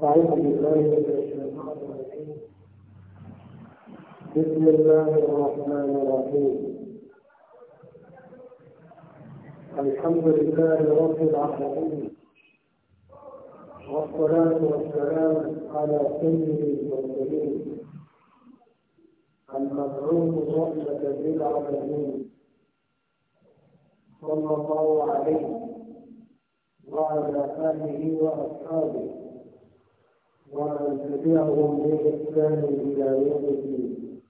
بسم الله الرحمن الرحيم الحمد لله رب العالمين والصلاة والسلام على سيد المرسلين المبعوث رحمة للعالمين صلى الله عليه وعلى آله وأصحابه ونتبعهم تبعهم بإحسان إلى يوم الدين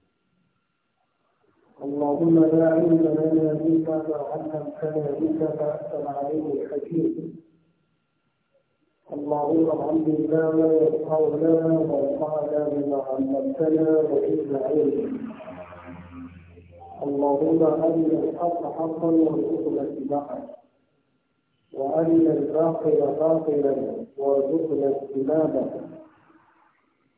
اللهم لا علم لنا منك ما علمتنا بك فأنت العليم الحكيم اللهم علمنا ما لنا وانفعنا بما علمتنا وزدنا علم اللهم ارنا الحق حقا وارزقنا اتباعه وارنا الباطل باطلا وارزقنا اجتنابه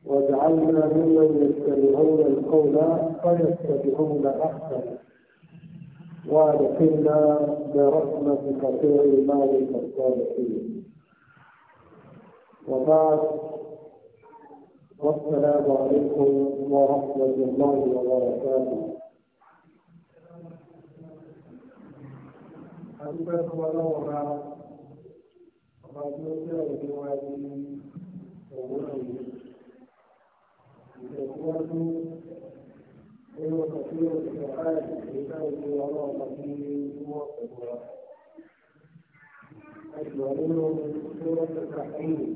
واجعلنا ممن يتبعون القول فيتبعون احسن وادخلنا برحمتك في عبادك الصالحين وبعد والسلام عليكم ورحمه الله وبركاته Thank you. الإخوة هو كثير الدعاء لله ورغبته وقوة أجمعين من سورة التحريم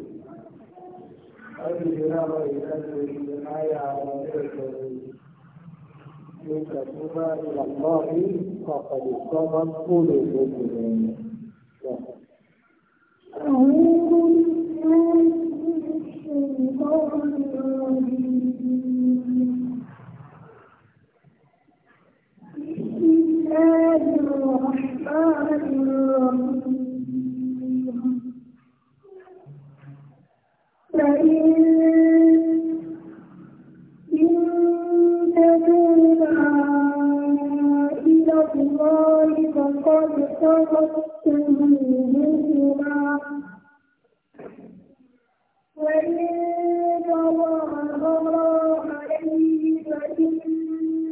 أجمعنا إلى الآية إن تتوبا إلى الله فقد صمت قلوبكم أعوذ بالله من الشيطان الرجيم الله الرحمن الرحيم لئن إن تتوبا إلى الله فقد صدقت ذنوبهما وإن تظاهرا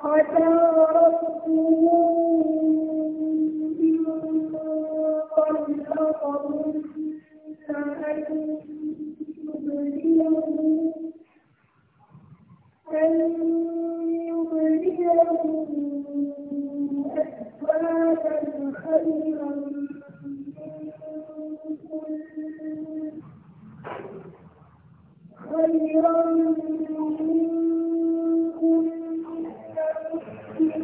عسى ربه إن طلقهن أن يبدله أن يبدله أزواجا خيرا خيرا منه Thank you.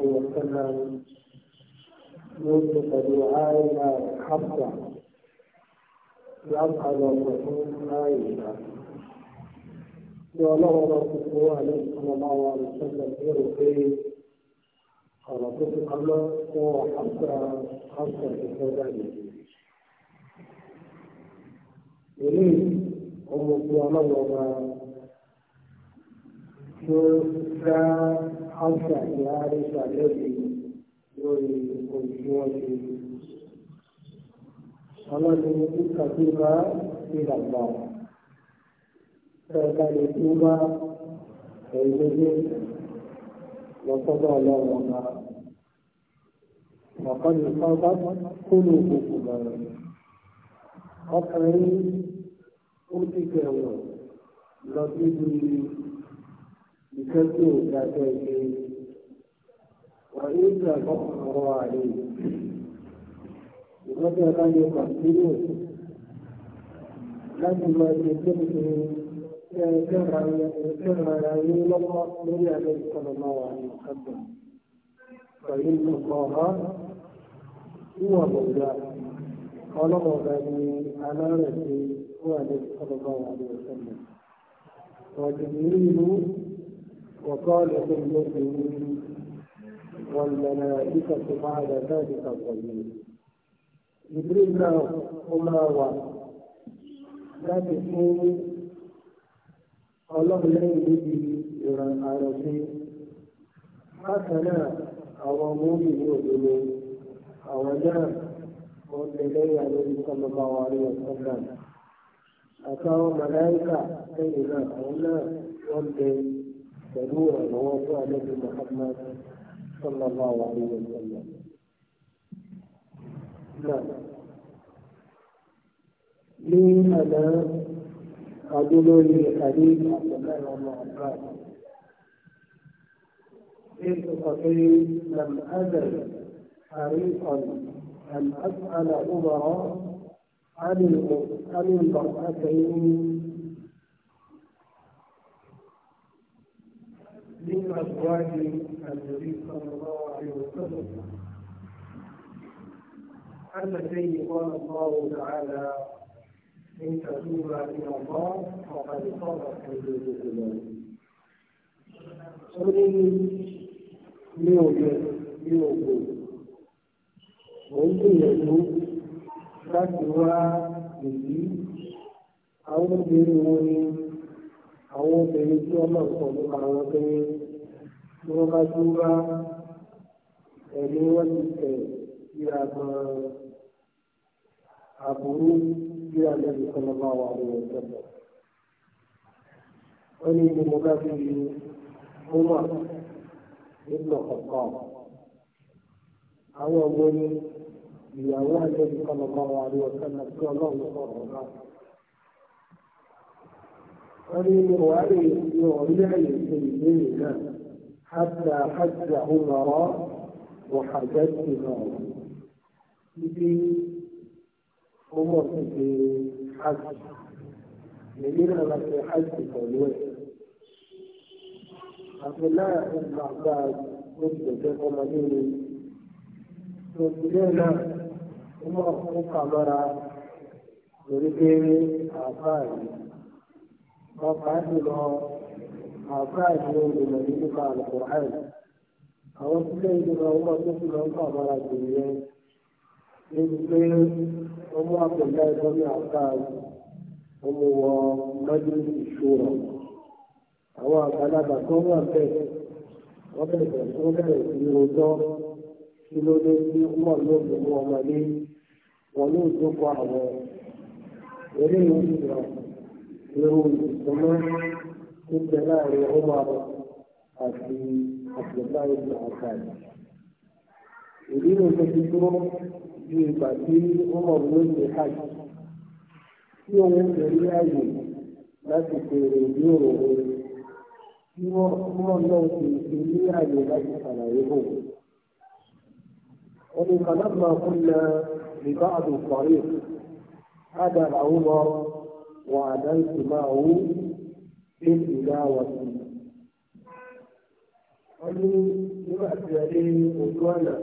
عليه وسلم يوسف دعائنا حقا يسأل الرسول عائشة وله رسول عليه صلى الله عليه وسلم يرقي قال رسول الله هو حتى حتى في إليه أم الله tó dá áṣà àti àríṣà lẹ́bi lórí ohun tí wọ́n ṣe. ọlọ́run ní kíkà tó bá ìlàgbà ẹ̀ka lè tó bá ẹ̀yẹ́dẹ́ lọ́sọ́dọ̀ ọlọ́run ọba. وقد صابت قلوبكما ọkùnrin ó ti kẹwọ̀ lọ síbi ìtọ́jú ìdájọ́ ìṣe wà ní ìgbà kọ́kọ́rọ́ àlè ìtọ́jú ọ̀la ní kọ̀ǹtínú láti máa ṣe tó ń ṣe ẹgbẹ́ ara yín lọ́wọ́ lórí àlẹ́ ìkọlọ́mọ wà ní ọ̀kadà pẹ̀lú ìkọ̀ọ̀rọ̀ ìwà bọ̀dà ọlọ́mọba ni alárẹ̀ ṣe wà ní ìkọlọ́mọ wà ní ọ̀kadà. Wàjú ìlú وقال المؤمنين والملائكة بعد ذلك الظهير جبريل náà ó máa wà láti fún ọlọ́run lẹ́yìn níbi ìran àròsí bákan náà àwọn ọmọ òbí ní òdodo àwọn náà wọ́n tẹ̀lé àlórí sọ́mọba wa ní ọ̀sán náà àtàwọn màláìkà lẹ́yìn náà àwọn náà wọ́n tẹ̀lé. جميع مواضيع التي محمد صلى الله عليه وسلم نعم لي أنا أقول حديث عبد الله بن عباس كيف لم أزل حريصا أن أسأل عمر عن عن المرأتين من أزواج النبي صلى الله عليه وسلم التي قال الله تعالى إن تتوبا إلى الله فقد صدق الجزء الأول سنين يوجد يوجد ممكن يتوب لكن يجيب أو يجيب àwọn obìnrin tí wọ́n máa ń sọ nípa àwọn pé tí wọ́n bá tún bá ẹ̀mí wọ́n ti tẹ̀ sí àgbọn àbúrú bí àlejò kan lọ́ba wà ní ọ̀sẹ̀ wọ́n ní ni mo bá fi múmọ̀ nígbà kọ̀ọ̀kan àwọn ọmọ ní ìyàwó àlejò kan lọ́ba wà ní ọ̀sẹ̀ tí ọlọ́run sọ̀rọ̀ náà wọ́n ní mo wà lè fi orílẹ̀ èdè ṣe ìbéèrè náà hàtà hàtà ọmọrọ wàhàjá ti nà ọ. Ibi ọmọ ti ṣe hàjì. Èmi náà la ṣe hàjì pẹ̀lú ẹ̀. Abdullahi ibn Abbas ló ti dẹ̀jẹ́ ọmọdé mi. Tòkìlẹ̀ náà ọmọ ọ̀hún kàmọ́ra lórí pé àbáyé. pàápàá ka àáfàá ìlú olùmọ̀ nípa àlùkùránì àwọn sílẹ̀ ìjọba ọmọ ń fà bára ní kí ló dé sí àwọn eléyìí ń irú ìsúná tó jẹ láàrin Umar àti àtìlẹ́bá ìlú àkàlì. Ìdí ni mo ti dúró ju ìgbà tí Umar ló ṣe hajj. Tí òun ṣe láti ní Tí náà ti ní láti ṣàlàyé bò. وعدلت معه بالإداوة ọdún nígbà tí a dé ojú ọ̀nà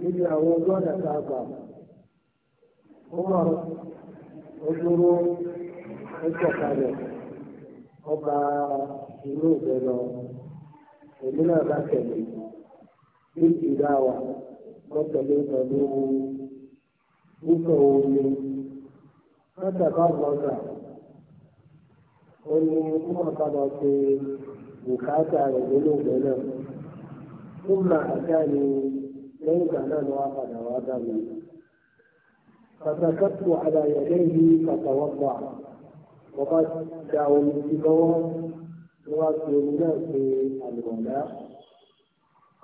níbi àwọn ojú ọ̀nà tá a gbà ó wà ojúrú ẹ̀kọ̀kalẹ̀ ọba ìlú ìfẹ́ lọ èmi náà bá tẹ̀lé ní ìdáwà wọ́n tẹ̀lé pẹ̀lú wúkọ̀ omi mẹ́ta bá lọ́gà ó ní wọ́n padà ṣe bùkátà rẹ̀ lólóògbé náà ó mà àjá ni lẹ́yìn ìgbà náà ni wọ́n padà wá dà mí. فسكت على يديه فتوضع وقد دعوني بقوة وأكثر الناس الولاء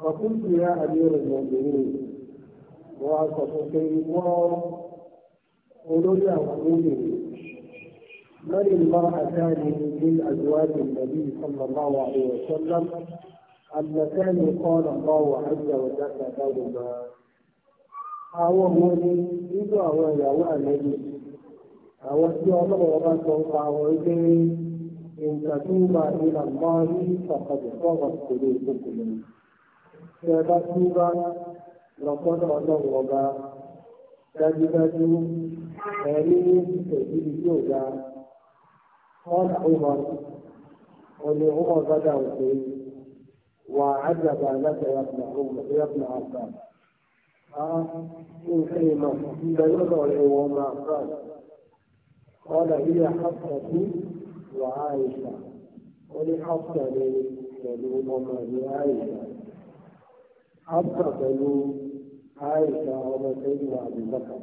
فقلت يا أمير المؤمنين وأصدقي الله olórí àwọn olóyè lórí المرأتان من أزواج النبي صلى الله عليه وسلم اللتان قال الله عز وجل لهما àwọn ọmọ ni nínú àwọn ìyàwó àlejò àwọn tí ọlọ́wọ́ bá sọ pa àwọn ilé nǹkan tó máa ní àmọ́ ní ìfàkàdé fọ́ọ̀mù ìpele ìpínlẹ̀ tí ẹ bá tún bá lọ́pọ́nà ọlọ́wọ́ bá dájúdájú ẹ̀rí ìtẹ̀jú ìdí òga ọ̀nà ọmọr ọ̀nà ọmọr bàdà òkè wà ájàbà láti yàtọ̀ yàtọ̀ àgbà. nǹkan ìmọ̀ ìgbà lọ́dọ̀ rẹ̀ wọ́n máa fà ọ̀nà ilé àkàtúntì wà áìsà ó ní áìsà ní pẹ̀lú ọmọ ní áìsà áìsà pẹ̀lú. عائشة وسيدنا أبي بكر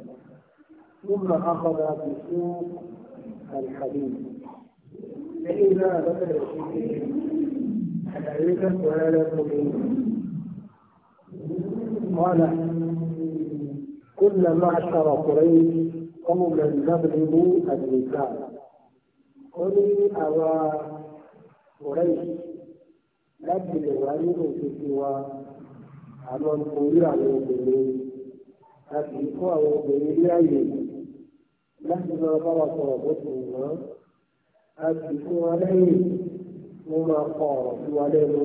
ثم أخذ بسوق الحديد فإذا بدأ العلة ولا قال كل معشر قريش قوما نبلغ الرسالة قل أوى قريش نبلغ عنه في سوى àwọn orí àwọn obìnrin a kó àwọn obìnrin ní àyè láti máa bá wa sọ̀rọ̀ bó ti wù wọ́n a fún wa lẹ́yìn wọ́n máa kọ ọ̀rọ̀ sí wa lẹ́nu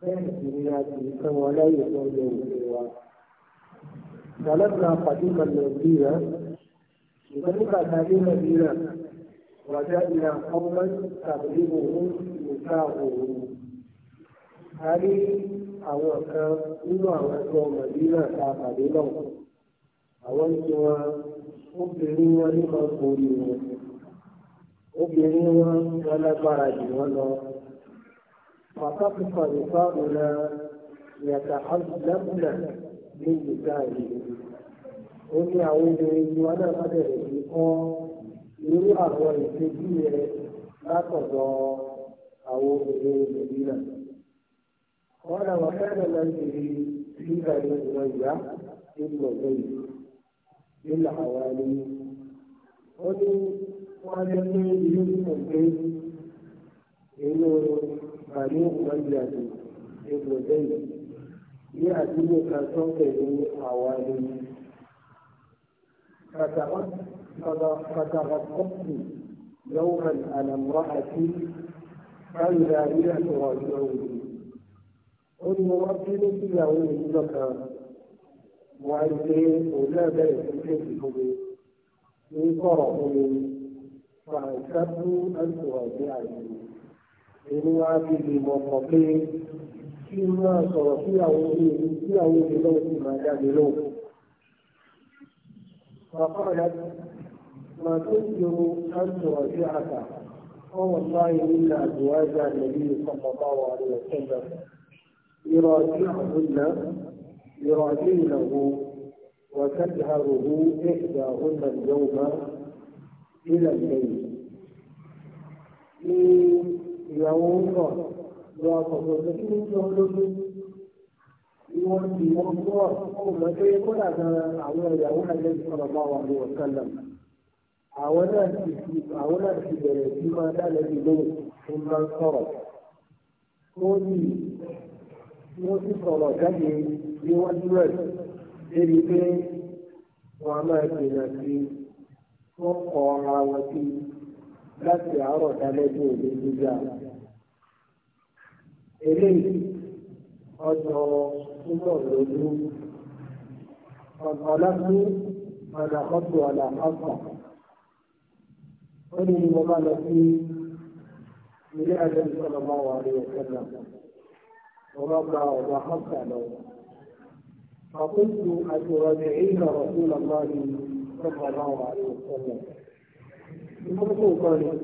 bẹ́ẹ̀ sì ni a kì fún wa lẹ́yìn tó ń lè wù wa. فلما قدم المدينة ذلك قديم المدينة وجدنا قوما تغلبهم نساؤهم a rí àwọn kan nínú àwọn tó mọ̀lẹ́nà ta pàdé náà àwọn tí wọn obìnrin wọn ní kan borí wọn obìnrin wọn wọn lágbára jù wọn lọ pàtàkì pàrọ̀pá ọ̀nà yàtà àbúlábùlà ní ìgbà yìí ó ní àwọn obìnrin tí wọn náà bẹ̀rẹ̀ sí kọ́ irú àwọn ìṣèjú rẹ̀ látọ̀dọ̀ àwọn obìnrin ìlú náà. قال وكان منزلي في بني أمية ابن زيد للحوالي قلت وأنا يوسف البيت إنه بني أمية ابن زيد يأتي كالصوت من حوالي فتغطت يوما على امرأتي فإذا هي تراجعني ó ní mo wá bí lójú ìyàwó yìí lọ́kàn wá pé òun náà bẹ̀rẹ̀ sí kéèkì fún mi ní sọ̀rọ̀ fún mi fàǹkàtú àti ọ̀gbìn àìsàn èmi wá bí mi mọ̀ mọ̀ pé kí n máa sọ̀rọ̀ síyàwó mi síyàwó mi lọ́wọ́ sì máa jáde lóhùn. فقالت ما تنكر أن ترجعك هو الله إلا أزواج النبي صلى الله عليه وسلم يراجعهن يراجعنه وتجهره إحداهن اليوم إلى الليل ìyàwó ń bọ̀ lọ àkọ́kọ́ tó kí ní jọ lójú ìwọ̀n ìwọ̀n bọ̀ kó mọ̀ pé kódà gan àwọn ìyàwó àlẹ́ ìsọ̀rọ̀ bá wà ní ọ̀sánlẹ̀ àwọn náà ti fi àwọn náà ti bẹ̀rẹ̀ sí máa dá lẹ́bi lóhùn tó máa ń sọ̀rọ̀ ó ní wọ́n sì sọ̀rọ̀ jáde níwájú rẹ̀ débi pé wọ́n á máa gbìyànjú sí wọ́n kọ ara wọn sí láti àárọ̀ dálẹ́jọ́ òde gbígbà. eléyìí ọjọ́ túbọ̀ lójú ọ̀làkú àdàkọ́tù àdàkọ́tù. ó ní mo bá lọ sí ilé àjẹsọ́nà máa wà ní ọ̀sẹ̀ náà. وربى وضحكت له فقلت أتراجعين رسول الله صلى الله عليه وسلم المرسول قال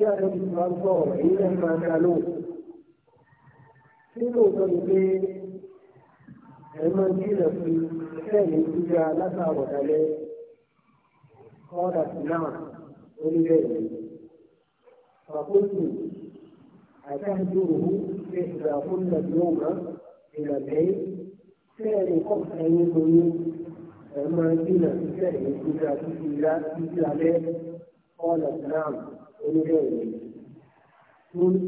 يا أبي الأنصار إذا ما قالوا سيروا طريقين عمر في ثاني إذا لك عليه قالت نعم ولذلك فقلت أتهجره إحداهن اليوم إلى العيد ثاني قبل أن يكون فما كنا ثاني إذا كنت عليه قالت نعم ولغيره قلت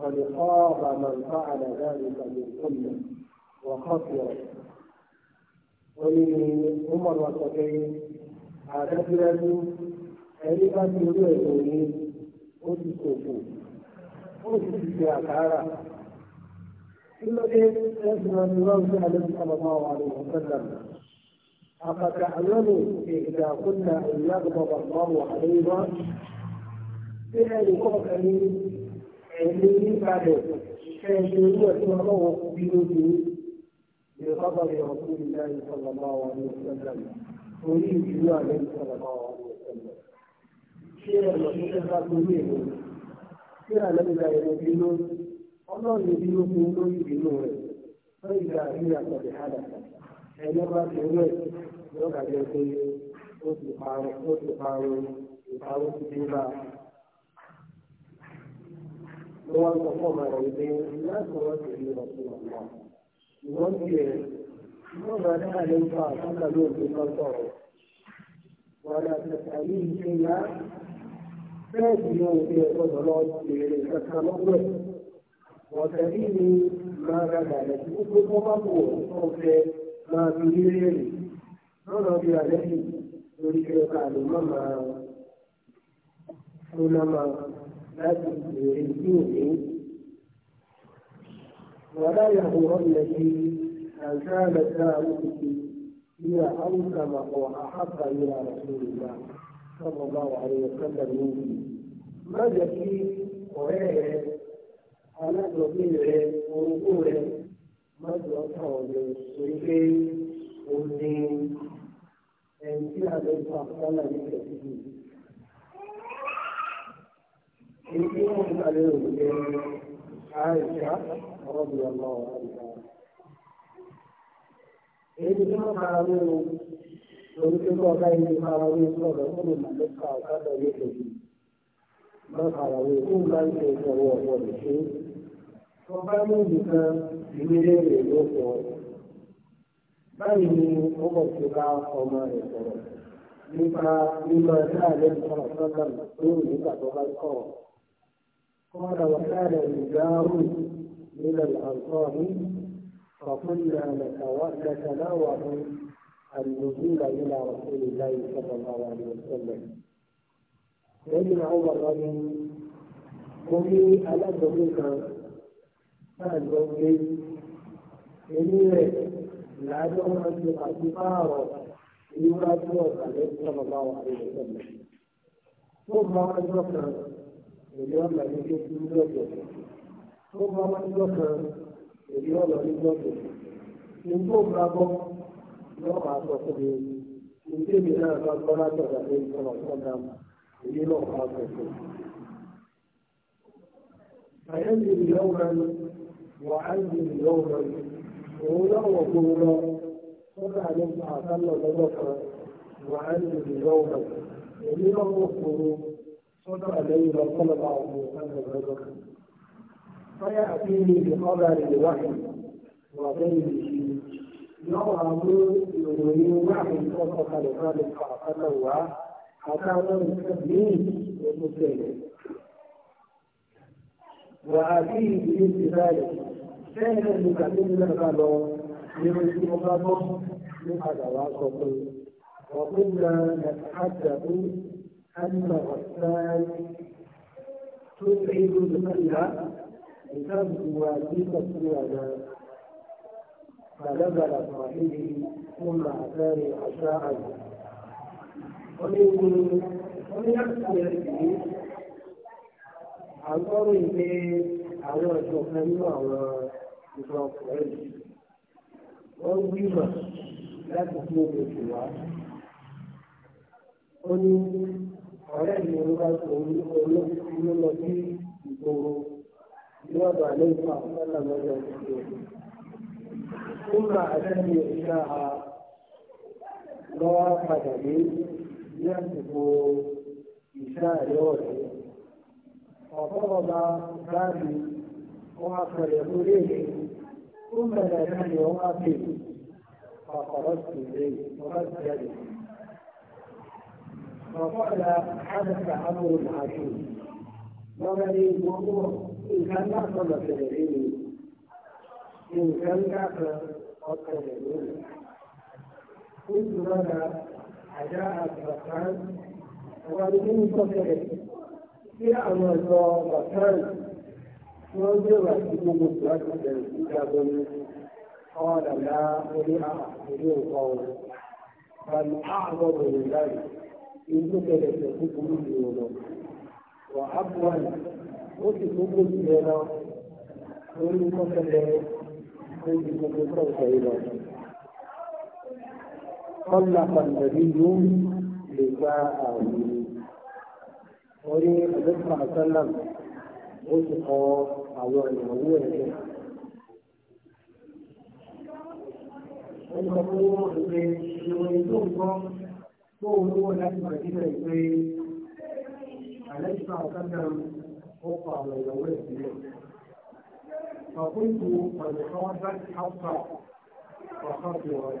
قد خاب من فعل ذلك منكن وخسر ولمن عمر وسكين عادت له أريد أن يريد أن يكون ó sì ti ṣe àkàrà kí ló dé ẹ̀sùn náà ni wọ́n ń sọ àlejò sábàbá wa ní ọ̀sẹ̀lá أفتعلموا إذا كنا أن يغضب الله علينا في أن يكون ẹ̀mí nípàdé ṣẹ́ẹ̀ṣẹ́ irú ẹ̀sùn ọlọ́wọ́ bínú bí i ìrọ́bàbí ọ̀tún ìlà ìsọ̀lọ̀mọ́ àwọn ìṣẹ̀lẹ̀ orí ìlú àlẹ́ ìsọ̀lọ̀mọ́ àwọn ìṣẹ̀lẹ̀ ṣé ẹ̀rọ tó fẹ́ bá torí èrò síra lẹ́gbẹ̀ẹ́ ẹ̀rọ bínú ọlọ́run bínú fún lórí bínú rẹ̀ lórí ìgbà ìrìn àpọ̀jù hàdà ẹ̀yọ́ bá ti rú ẹ̀ yóò bá pé ó ti parun ó ti parun ìparun ti dé bá sọ fún ọmọ rẹ̀ wípé láti wọ́n ti rí ọ̀sùn ìwọ́n ti rẹ̀ wọ́n máa àlẹ́ ń bẹ́ẹ̀ ni ó fi ọ̀gbọ́dọ̀ lọ béèrè kankan lọ́wọ́ ẹ̀. Ọ̀tẹ̀lí ni máa ra gàdẹ̀ tí gbogbo tó bá wù ọ́ tó fẹ́ máa fi rí rèrè. Lọ́nà bí alẹ́ yìí lórí pé ká lè má máa fúnná máa láti béèrè sí òní. ولا يغرن في أن كان ذلك هي أوسم وأحب إلى رسول الله صلى الله عليه وسلم منه ma jẹ́ kí ọ̀rẹ́ rẹ alájọbí rẹ orogún rẹ má jọ ọ̀tàn ọ̀rẹ́ torí pé o ní ẹni tí a lè ní kẹ̀kẹ́ èyí tí wọ́n jẹ́ àìsà ọ̀rọ̀bì èyí tí wọ́n lórí má kàràwé tó ń bá ń ṣe ìṣòro ọ̀pọ̀ lè ṣe. tó ní nìkan ìwéré rẹ̀ ló sọ. báyìí ni ó bọ̀ sí bá ọmọ rẹ̀ sọ̀rọ̀ nípa mímọ láàrin ìṣòro sọ́kàn lórí nígbà tó bá sọ̀rọ̀. قال وكان الجار من الأنصار فكنا نتناوب النزول إلى رسول الله صلى الله عليه وسلم lẹ́yìn àwọn bàbá mi mo ní alágbọ̀nmí kan láàgbọ̀ pé èmi rẹ̀ làádọ́ máa ń ṣe àti pààrọ̀ ìwúrà tí ọ̀gá lẹ́yìn bàbá wa rẹ̀ sọ̀rọ̀. Tó bá ọjọ́ kan èmi ọ̀gá ní ṣe ti ń lọ́jọ́. Tó bá ọjọ́ kan èmi ọ̀gá ní lọ́jọ́. Nígbà tó bá bọ́ lọ́wọ́ àtọ̀kùnrin, ìdí mi náà bá gbọ́ látọ̀dọ̀ lẹ́yìn sọ̀rọ̀ sọ́dọ̀ فينزل يوما وعنزل يوما طولا وطولا صلى عليه وسلم ذكر وعنزل يوما يمينا وطولا صلى عليه وسلم صلى الله عليه وسلم ذكر فيأتيني بقدر الوحي وغير شيء يرى من يريد وحي صلى الله عليه وسلم أكانوا المستقبلين والمستقبلين وآتيه بمثل ذلك كان المكاتب من قالوا لمن المقابل من هذا واسطه وقلنا نتحدث أن غسان تبعد القلب لتبدو بتصويرنا فنزل صاحبه ثم أتاني عشاء oníyàtúnyẹ̀sì àgọ́rùn onye àwọn ọ̀dọ́ kan àwọn ìjọ ọkùnrin yìí wọ́n gbìmọ̀ láti fún oṣù wá. ó ní ọ̀rẹ́ mi ló bá sọ olóòtú lọ sí ìgboro ní ọ̀dọ̀ àlẹ́ ìfọ̀ àkọsílẹ̀ lọ́jọ́ ìṣòro. ó máa àtẹ́lẹ̀ ìṣáà lọ́wọ́ padà dé ní àsìkò ìṣá ẹ̀yọ́ rẹ̀. ọ̀pọ̀ ọba báàbí wọn á sọ̀rọ̀ ẹ̀kú léèrè ó mẹ́rẹ̀ náà ni wọ́n á bèèrè ọ̀pọ̀lọ́ sí ilé ọba sí ẹ̀rẹ̀. ọ̀pọ̀ ọ̀la àdàkà àbúrò màájú lọ́wọ́ ní gbogbo nǹkan náà sọ̀rọ̀ tẹ̀lé léèrè nǹkan náà sọ̀rọ̀ tẹ̀lé léèrè. ó sì rọ́ra àdáhà bàtán àwọn àdúgbò ń tọ́kẹ̀rẹ̀ sí àwọn ọ̀dọ́ bàtán tí wọ́n gbé wà sí gbogbo ìwádìí ìbẹ̀rẹ̀ sí ìjàgbọ́ ní ọwọ́ dàda orí àkórí òkọ́ wọn. Bàlù àbọ̀ bèrè láì inú kẹlẹ̀ tẹ̀ kúkúrú ní òun. Wà á bu ó sì gbogbo ìjẹ́ lọ lórí kọ́kẹ́lẹ́ lórí gbogbo kọ́kẹ́ yìí lọ. طلق النبي نساءه orí ọ̀dọ́sọ̀rọ̀ àtọ́làm ó ti kọ àwọn ìyàwó ẹ̀ lẹ̀. Wọ́n sọ fún wọn pé ìròyìn tó ń gbọ́ tó ń lówó láti bẹ̀rẹ̀ sílẹ̀ pé àlẹ́sà ọ̀kadàm ó kọ àwọn ìyàwó ẹ̀ sílẹ̀. Ọ̀pọ̀ ìlú ọ̀dọ̀ kan wá bá ti hàpà ọ̀kan fi wọ̀nyí.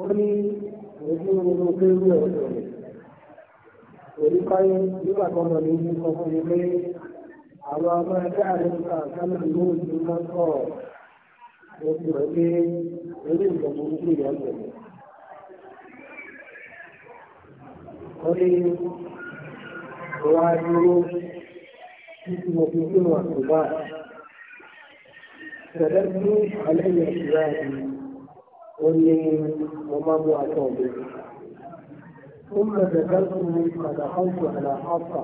ó ní ojú inú kéwú ọ̀dọ̀ rẹ̀ oníkáyé nígbà kan mọ̀ ní ibi kan fún mi pé àwọn ọmọ ẹgbẹ́ àdéhùnká sálà ló ń ju máa ń kọ́ ọ̀ mo ti rẹ̀ pé eré ìjọba burúkú ìyá bẹ̀rẹ̀. ó ní ìwà dúró títí mo fi kírun àtúbà. Tẹ̀lé ní alẹ́ yẹn ìyá mi ó ní mo máa mú aṣọ mi. ثم جدلتني فدخلت على حفصة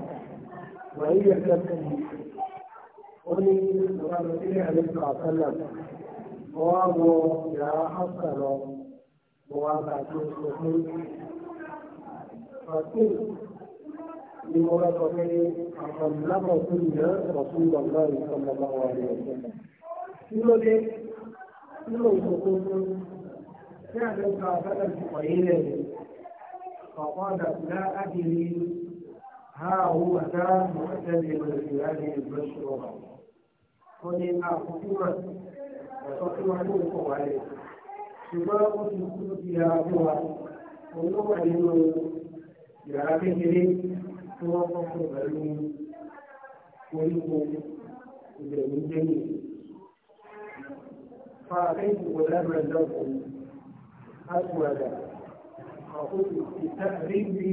وهي تبكي قولي ورسول عليه الصلاة والسلام وابو يا حفصة وابعت الصحيح فقلت لمرافقه فطلقتن رسول الله صلى الله عليه وسلم. في مجد في مجد فعلا قابلت قليلا فقالت لا أدري ها هو ذا معتدل في هذه المشروع قل ما خطورت وتطلعوه عليه شباب كتبها هو أنه يعرفه توقف العلوم ويقوم بالجميل فأعطيت غلاما لكم ha ndị ndị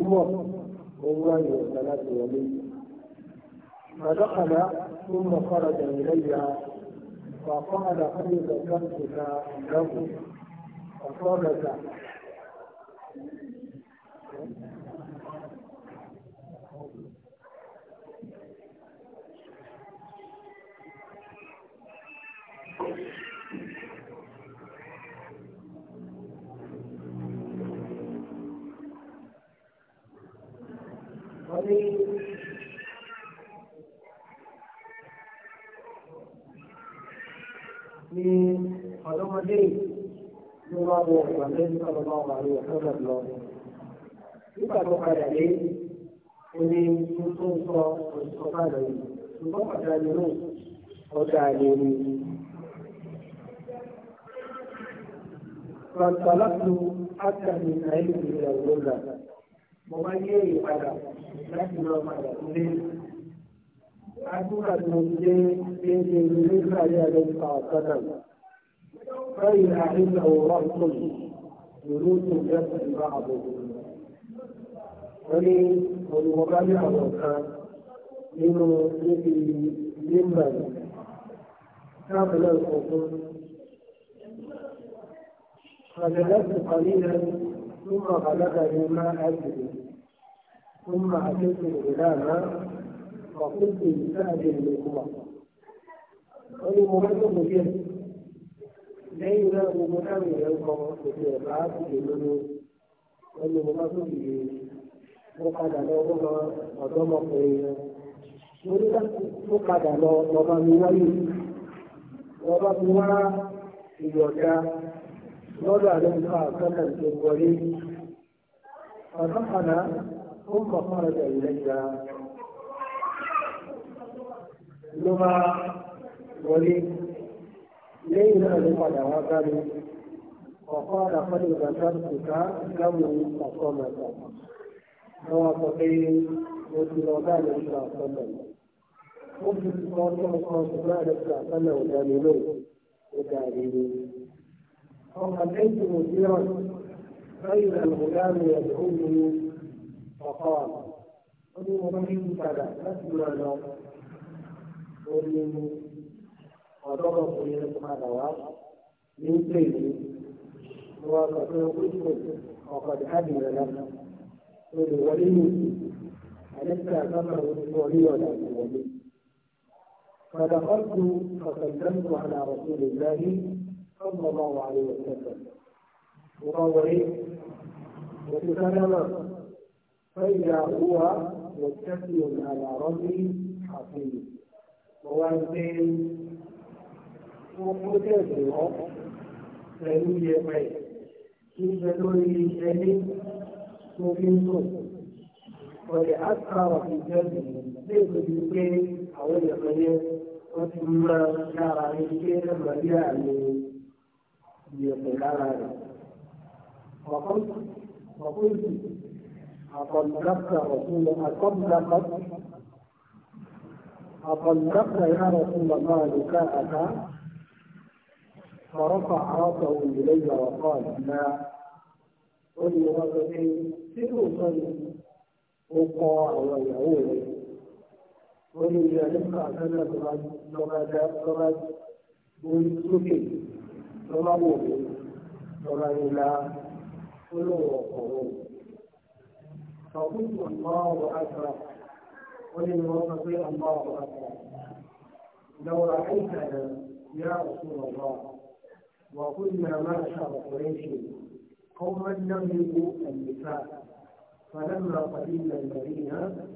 yụawụ aa aa ọ̀pọ̀ ọ̀dọ̀gà. ní ọ̀dọ́mọdé yìí ní wọ́n wọ ìgbàlẹ́ ní ọlọ́mọ àrí ọ̀sọ́dọ̀ lọ. Nígbà tó padà dé, ó ní tuntun sọ òṣìṣọ́ báyìí lọ. Ṣùgbọ́n padà ní nù, ọjà àlè ni. Fàǹtàlàtù Ákàmì Nàìjíríà ìrìnà ìrọ̀lá. Mo máa ń yé ìpadà láti lọ padà sílé. Adúgbà tó ń dé déédéé ní Nígbà yára ń pa ọ̀sán náà. فإن عنده رأس جلوس الجسد بعضه ولي والمبالغة والكان من مثل ممن كامل فجلست قليلا ثم غلبني ما أدري ثم أتيت الغلام وقلت لسعد قوة ولمبلغ جد lẹ́yìn náà gbogbo táwọn èèyàn kọ òkè ẹ̀bá òkè lóru ẹni mo bá tó yìí mo padà lọ wọ́n lọ ọ̀dọ́mọkùnrin yẹn mo ní mo padà lọ lọ́ba mi wáyé lọ́ba mi wá ìyọ̀dá lọ́dọ̀ àdéhùn àkọ́kọ́ ìṣe wọlé ọ̀dọ́ padà ó ń bọ̀ fún ọ̀dọ̀ ìlẹ́yìn ló bá wọlé. لين أنقذها بني وقال قد ذكرتك لو أقمت موافقين مثل وكان إذا صلى فخليت مثيرا بين الغلام يدعوني فقال قل ابراهيم كذا اسمع ọ̀dọ́mọkùnrin rẹ̀ padà wá ní pèlè ni wọ́n sọ pé ó kú ọ̀kadì hàbì rẹ̀ lọ́nà olùwọlé ní àdẹ́sẹ̀ àgbàmọ̀ olùwọlé ọ̀dà ìwọlé. فدخلت فسلمت على رسول الله صلى الله عليه وسلم وراويه وتسلم فإذا هو متكئ على رجل حصين وهو wọ́n tẹ̀ lọ́ pẹ̀lú yẹpẹ̀ kí n bẹ lórí ẹni tó fi ń sùn. Ọ̀rẹ́ àtàwọn ìjọba lè lórí pé àwọn ìyàtọ̀ yẹn wọ́n ti máa lára ní pé ẹ̀mọ̀lẹ́ àmì yẹpẹ̀ lára rẹ̀. وقلت أطلقت رسول أطلقت أطلقت يا رسول الله نكاءك فرفع راسه الي وقال ما قل لرجل سر وقع ويعود قل لذلك اعتنى بما ويسكت وما وضع وما الى قل وقعود فقلت الله اكبر قل لرجل الله اكبر لو رايتنا يا رسول الله وقلنا ما شاء قريش قوما نملك النساء فلما قدمنا المدينه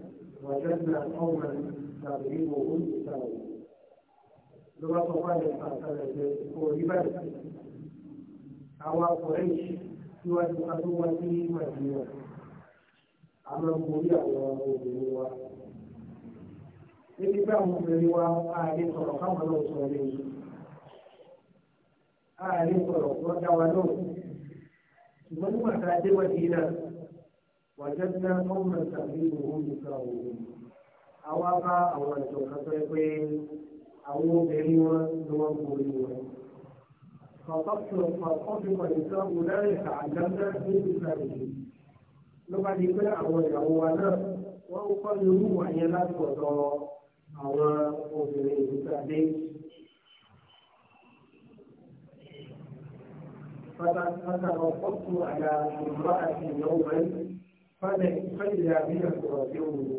وجدنا قوما تغلبهم نساؤهم lọ́wọ́ wà ní àtàlẹ̀ òrìbẹ̀ àwọn ọkùnrin tí wọ́n ti ká tó wá sí nàìjíríà a máa ń borí àwọn obìnrin wa. níbi tí àwọn obìnrin wa ààrẹ sọ̀rọ̀ káwọn náà sọ̀rọ̀ lẹ́yìn ààrẹ sọ̀rọ̀ wọ́n dá wa lóhùn ṣùgbọ́n nígbà tá a dé wọ́n yìí náà wàjọ́ ní ọmọ tàbí òun nìkan òun àwa bá àwọn àjọ kan sọ pé àwọn obìnrin wọn ni wọ́n borí wọn. فقفل الإسلام أولئك علمنا من إسلامهم ló bá di pé àwọn ìyàwó wa náà wọ́n kọ́ irú wàyẹn láti ọ̀dọ̀ àwọn obìnrin ìgbàdé فتوقفت على امرأة يوما فإذا بها تراجعني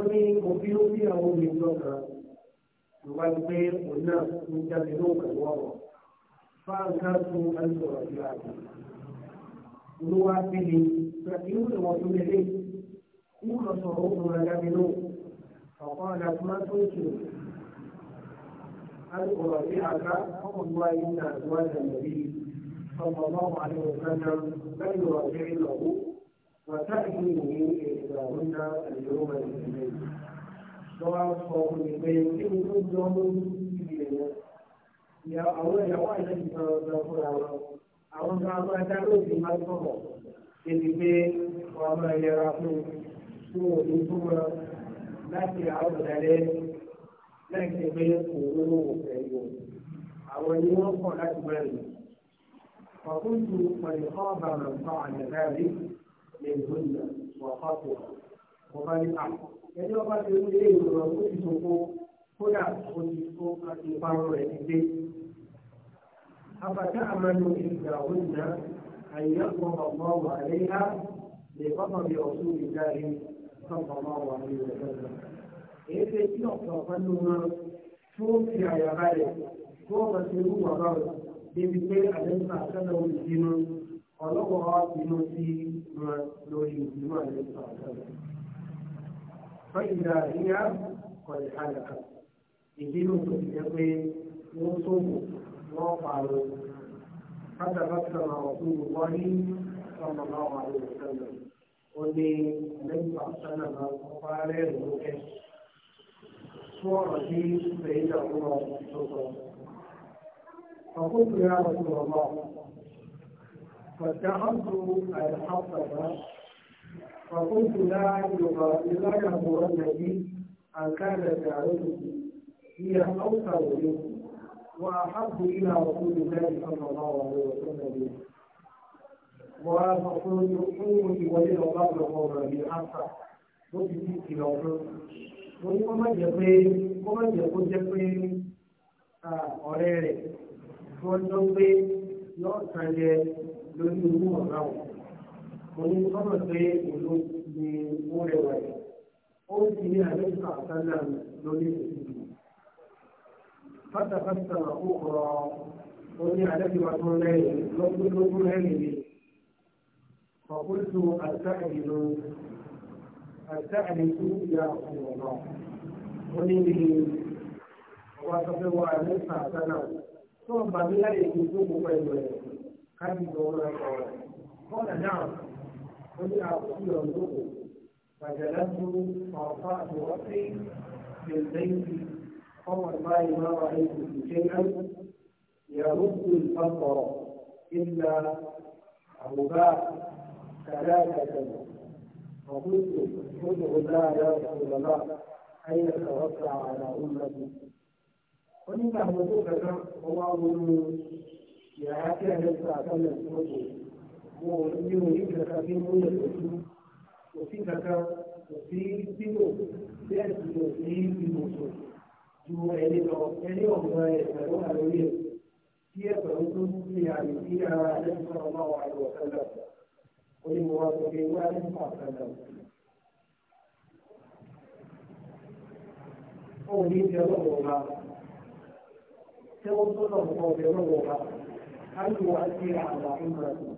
ó ní òbí ó bí àwọn obìnrin kan ló bá ti pé òun náà ń jáde ló ń pẹ̀lú ọ̀rọ̀ fáńká tó ń sọ̀rọ̀ sí àgbà olúwa bí mi irú ìwọ̀n tó lélẹ̀ ń lọ sọ̀rọ̀ ó múra jáde ló ọ̀pọ̀ ọ̀dà tó máa tó صلى الله عليه وسلم من يراجع له وتأتيه إحداهن اليوم الاثنين سواء صوم البيت إن كنتم يا أولاد يا أولاد àwọn ọmọ ajá ló fi máa sọ̀rọ̀ débi pé wọ́n máa yẹra fún fún òní fúnra láti àwọn ìdálẹ́ kọ̀ láti máa فقلت من خاب من فعل ذلك منهن وخطئ وقد أحسن ẹni ọba ti ń lé ìrora ó ti sòkò kódà ó ti tó àti ìparun rẹ̀ ti dé. abàtà àmàlù ìgbà òǹdà àyẹ̀kọ́ ọ̀gbọ́n wà léyà lè kọ́kọ́ bí ọ̀ṣun ìdáre kọ́kọ́ máa wà ní ìrẹ̀lẹ̀. èyí ṣe kí ọ̀pọ̀ ọ̀pọ̀ nínú wọn tó ń fi àyàrá rẹ̀ kó ọmọ ti rú wà báwọn débi pé àlẹ́sà sẹ́lẹ̀ ń bínú ọlọ́wọ́ wa bínú sí wọn lórí ìbínú àlẹ́sà sẹ́lẹ̀. fẹ́yìndà ìyá kọ̀lẹ̀ àlàkà ìbínú tó ti jẹ́ pé wọ́n sóògùn wọ́n pààrọ̀ hátà bá sọ̀rọ̀ ọ̀tún wọ́n ní sọ̀rọ̀ náà wà lórí sẹ́lẹ̀. ó ní àlẹ́sà sẹ́lẹ̀ máa ń kọ́ parẹ́ ìlú ẹ̀ sọ̀rọ̀ sí ìgbéyàwó ọ̀tún tó sọ̀rọ̀. فقلت يا رسول الله فاتخذت الحصبة فقلت لا لا يغرن بي أن كانت تعرفني هي أوثر لي وأحب إلى رسول الله صلى الله عليه وسلم وفقلت أمي ولي الله غرن بي حصى lóbi tí ìkìlọ̀ ọ̀run mo ní wọ́n má jẹ́ pé wọ́n má jẹ́ kó jẹ́ pé ọ̀rẹ́ rẹ̀ tí wọ́n jọ pé yóò tàn jẹ lórí owó ọ̀rá wọn. mo ní sọ́nà pé òun ni ó rẹwà yìí ó sì ní àlejò àtàlà lórí ìdìbò. pátápátá ó kọ̀ọ̀ ó ní àlejò àtúnlẹ̀yìn lọ́gbọ́dọ́gbọ́ lẹ́yìn mi. فقلت أستأذن أستأنس يا رسول الله قل لي وتقوى نفسها سنه tó ń bàbí láyé ìlú tó kó pẹ̀lú ẹ̀ káàdì tó ń lọ ọ̀rọ̀. kọ́nà náà ó ní àkókò lóko pàjẹ́lá tó ọ̀pá àtúwọ́sí lẹ́yìn ọmọ ìbáyé máa wà ní ìlú jẹ́ká يرد البصر إلا عباء ثلاثة وقلت ادع لا يا رسول الله أن يتوسع على أمتي onígbà gbogbo kẹta ọwọ́ awolú yàrá tí a lè sọ àtọ́lẹ̀ tó kò mọ ní orí kẹta bí mú lè lójú òfin kẹta òfin bílò bẹ́ẹ̀ sì lè ní ìmọ̀sọ̀ ju ẹni lọ ẹni ọ̀gbọ́n ẹ̀ pẹ̀lú àlórí ẹ̀ tí ẹ pẹ̀lú tó ń fi àmì sí ara sai wasu da horon roba an yi wa ake al'adun masu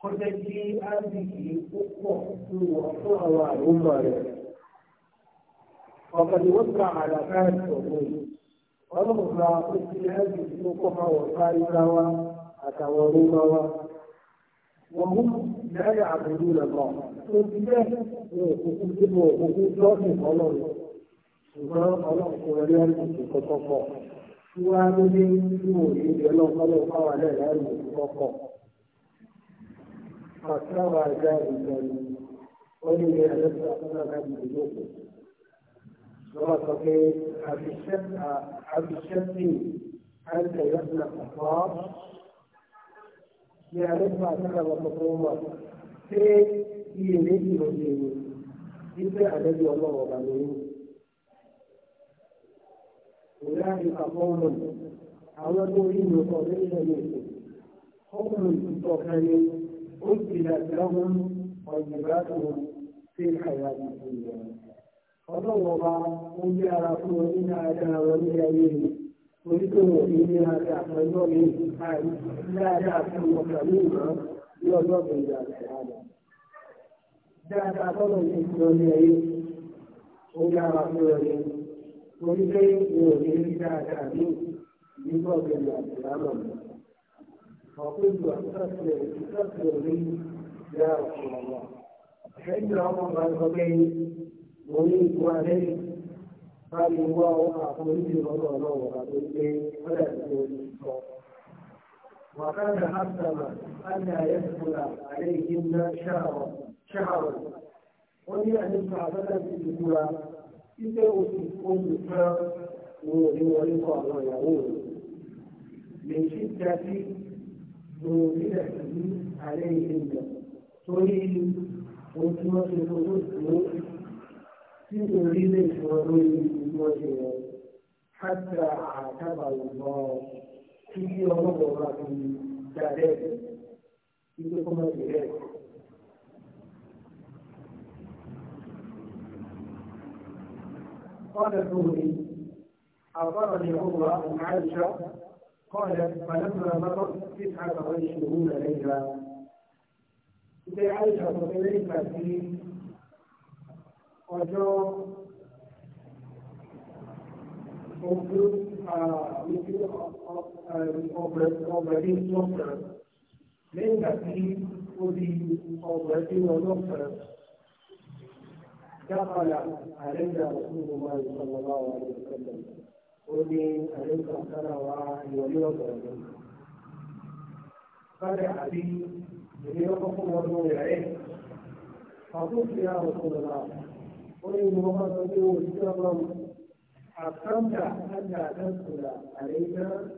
kọjá sí ábìkì ó pọ̀ fún wọn fún àwọn àlùmọ̀ rẹ̀ ọ̀kan ni wọ́n gba àlàkà ìṣòro ọlọ́mọba ó ti ábìkì ó pọ̀ máa wọ̀ sáré ráwá àtàwọn rúbáwá wọ́n mú lẹ́yìn àbúrú rẹ̀ mọ́ tó ti bẹ́ẹ̀ ní òkúkú tí mo òkúkú lọ́sìn ọlọ́run ṣùgbọ́n ọlọ́run kò rẹ̀ tí wá ló dé tí mo ní ìdí ọlọ́pọ̀lọ́ káwà náà láàrin òkú kọ́kọ́. Àtàwà àjá ìjọni, ó ní ilé ẹlẹ́sìn àtúnṣe láti ìlú òkú. Wọ́n sọ pé àbíṣẹ́sìn àìsàn ìyọ́sìn àkọ́kọ́. Ní ẹlẹ́sìn àtúnṣe àkọ́kọ́ wọn, ṣé iye méjì ló dé ní? Ibi àlejò ọlọ́wọ̀ bàlẹ́ yìí. أولئك قوم على الذين يطالبون منكم قوم سبحانه أجلت لهم طيباتهم في الحياة الدنيا فضرب أن يعرفوا إلى داوم أبيه ويكونوا فيها تعملون من حال لا تعلم كريما يضرب إلى الحياة dáadáa tọ́lọ̀ ní ìṣòro ní ẹ̀yìn ó yára torí pé mi ní dáadáa ní nígbà ọ̀gbẹ̀rẹ̀ àbúrámà mi. ọ̀pẹ̀lú àtúntàṣe ìtúntàṣe orí yá ọ̀pọ̀ ọ̀wà. ọmọ bá sọ pé mo ní ìlú alẹ́ bá mi wá ọwọ́ àforíjì lọ́dọ̀ ọlọ́wọ́ àti pé ọ̀dà tí mo ti sọ. وكان حسنا ألا يدخل عليهن شهرا شهرا وهي أن الصحابة في الإسلام títí oṣù oṣù kan ni òní kọ àwọn ìyàwó rẹ̀ lè ṣí jáde lòun nílẹ̀ pẹ̀lú àárẹ̀ ilé ìgbà torí ohun tí wọ́n ṣe lówó ìdúró tí orí lè lórí ìgbìmọ̀ ṣe rẹ̀ hátà àtàbà lọ kí ọlọ́wọ́ bá fi dáadẹ́ẹ̀ ìgbé kọ́mọ̀ قال الزهري أخبرني عمر عن عائشة قالت فلما مضت تسعة وعشرون ليلة إذا عائشة تتليف في ọjọ́ ogún ọgbẹ̀dín lọ́sẹ̀rẹ̀ lẹ́yìn àti ó di دخل علينا رسول الله صلى الله عليه وسلم ولي عليك الصلاة واليوم فرح بي ليوقفوا وضوء عليه فقلت يا رسول الله قل محمد وسلم حكمت ألا تدخل علينا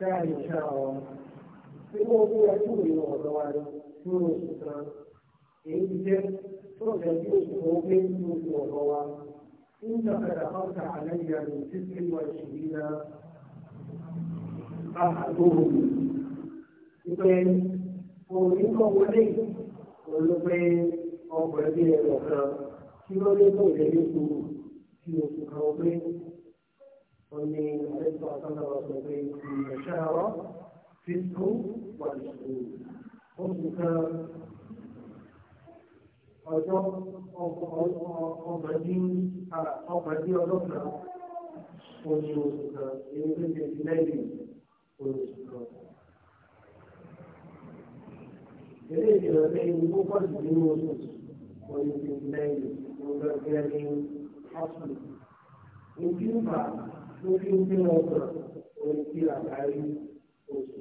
ثاني شهر في موضوع شغل وزواج شروط إن ترجم مؤمن وروى إنك دخلت علي من تسع وعشرين أحدهم إذن òyìnbó wọlé olùgbé ọgbẹ̀bí ẹ̀rọ kan tí ó lé tó ilé ọjọ́ ọgbàdí ọlọ́pàá oṣù oṣù kan èyí tó jẹ́ ti oṣù kan. Ilé ìjọba ní púpọ̀ jù nínú oṣù oṣù ti lẹ́yìn ọjọ́ gẹ́gẹ́ ní ọ́sùn. Ojú ìgbà ló fi ń gbé ọgbà orí ti àgbáyé oṣù.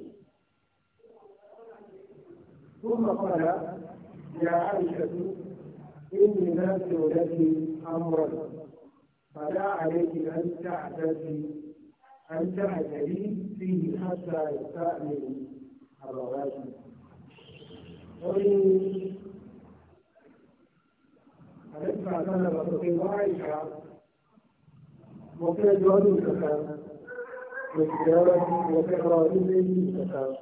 ثم قال يا عائشة إني نازل لك أمرا فلا عليك أن تعتدي أن تعتدي فيه حتى يستأمن الرغاشي وإن أنفع سنة بطرق وعيشة وفي أجوال الزكاة وتجارة وفقرة للذي الزكاة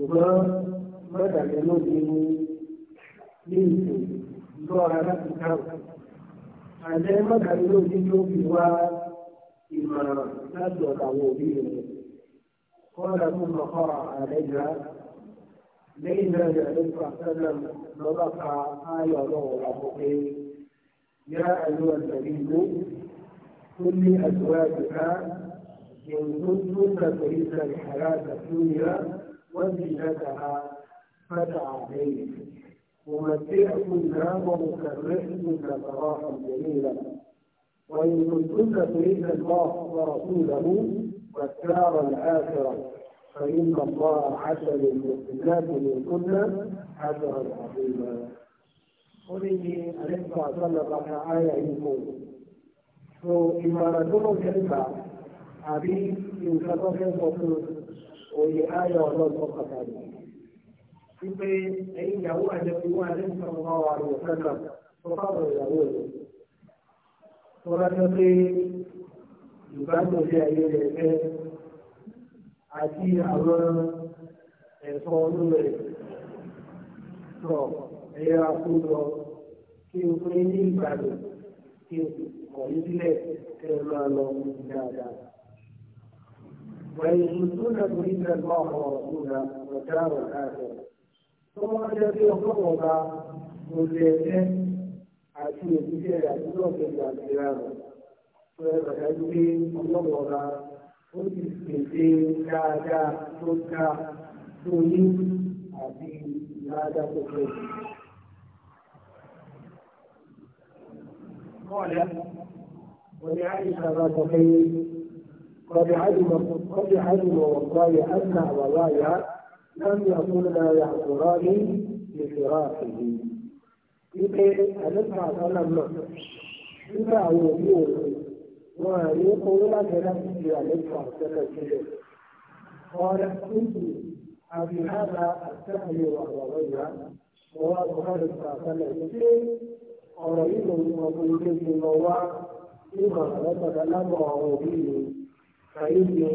وما مدى ينوده منه zuwa ranar fitar a dai magarilokin yobewa imara na zuwa kawo biyu ne kola sun makara a daidara lẹ́yìn náà ni àdéhùn àṣẹlẹ̀ lọ́ba ka ayọ̀ lọ́wọ́ wa kó pé yá àyọ̀ àtàrí ìlú tó ní àdúrà ìdíkà yanzu tun da kuri da hara da duniya wanda ya ta ha fata a daidai ممتعكن ومكرهكن سراحا جميلا وإن كنتن تريد الله ورسوله والدار الآخرة فإن الله عسى للمؤمنات منكن أجرا عظيما. قولي ألف صلى آية آية الله عليه وسلم so ìmọ̀ràn tó lọ sí ìgbà àbí nǹkan tó fẹ́ sọ fún òye ayọ̀ ọlọ́sọ pàtàkì wípé ẹ̀yin ìyàwó àjẹkù wọn àti ìsọ̀rọ̀ wọn wà lóò fẹ́ràn tó fáwọn ìyàwó rẹ̀. tó rájọ́ pé ìbámu ilé ayé rẹ̀ fẹ́ àti àwọn ẹ̀fọ́ ọdún rẹ̀ sọ ẹ̀yẹ àkójọ kí o pé ní ìgbàlẹ̀ kí o kọ̀ ní sílẹ̀ kí o máa lọ dáadáa. ويصدون تريد الله ورسوله والدار الاخره tó wọ́n jẹ́ pé ọgọ́rùn-ún ọba òde ẹ̀fẹ́ àti òṣìṣẹ́ rẹ̀ àti lọ́ọ̀kẹ́jà àtìrà rẹ̀ tó ẹ bàtà gbé ọgọ́rùn-ún ọba ó ti pèsè dáadáa tó dáa tó ní àti dáadáa tó fẹ́. قال ولعائشة رضي قد علم قد علم والله أن والله لم يكونا يعذران لفراقه wípé àlẹ́kà àtọ́nà náà nígbà àwọn òbí òun wọn à ní owó láti láti fi àlẹ́kà àtọ́nà sílẹ̀. ọ̀rẹ́ kúndù àbíhàbà àtẹ́kọ̀ọ́ àwọ̀rọ̀ ìyá wọ́n wá sọ fún àlẹ́kà àtọ́nà wípé yìí ló ń wọ́n fún ilé ti lọ wá nígbà àlọ́kọ̀ọ́dá lábọ̀ àwọn òbí mi kàyé ni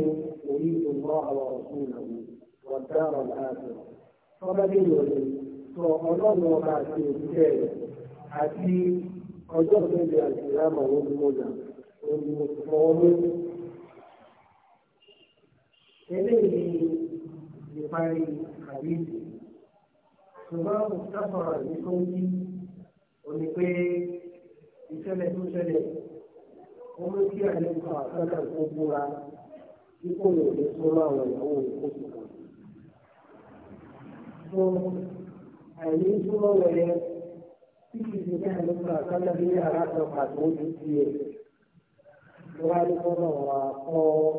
òyìnbó mọ́ àwọn òkú ìlànà. والدار الآخرة فمن يولي فأولون وما في الكيل àti ọjọ́ ìgbẹ́lẹ̀ àìsílámà wọn ni mo là wọn ni mo fọ́ lórí. eléyìí lè parí àbíyèsí ṣùgbọ́n sáfọ̀rọ̀ ní tó tó àìní súnmọ́ wẹ̀rẹ̀ tí kì í ṣe kí àìní kan àkọ́lẹ̀ bí yàrá kan pàtó ojú ti ẹ̀. Mo wá ní kọ́ náà wà kọ́ ọ̀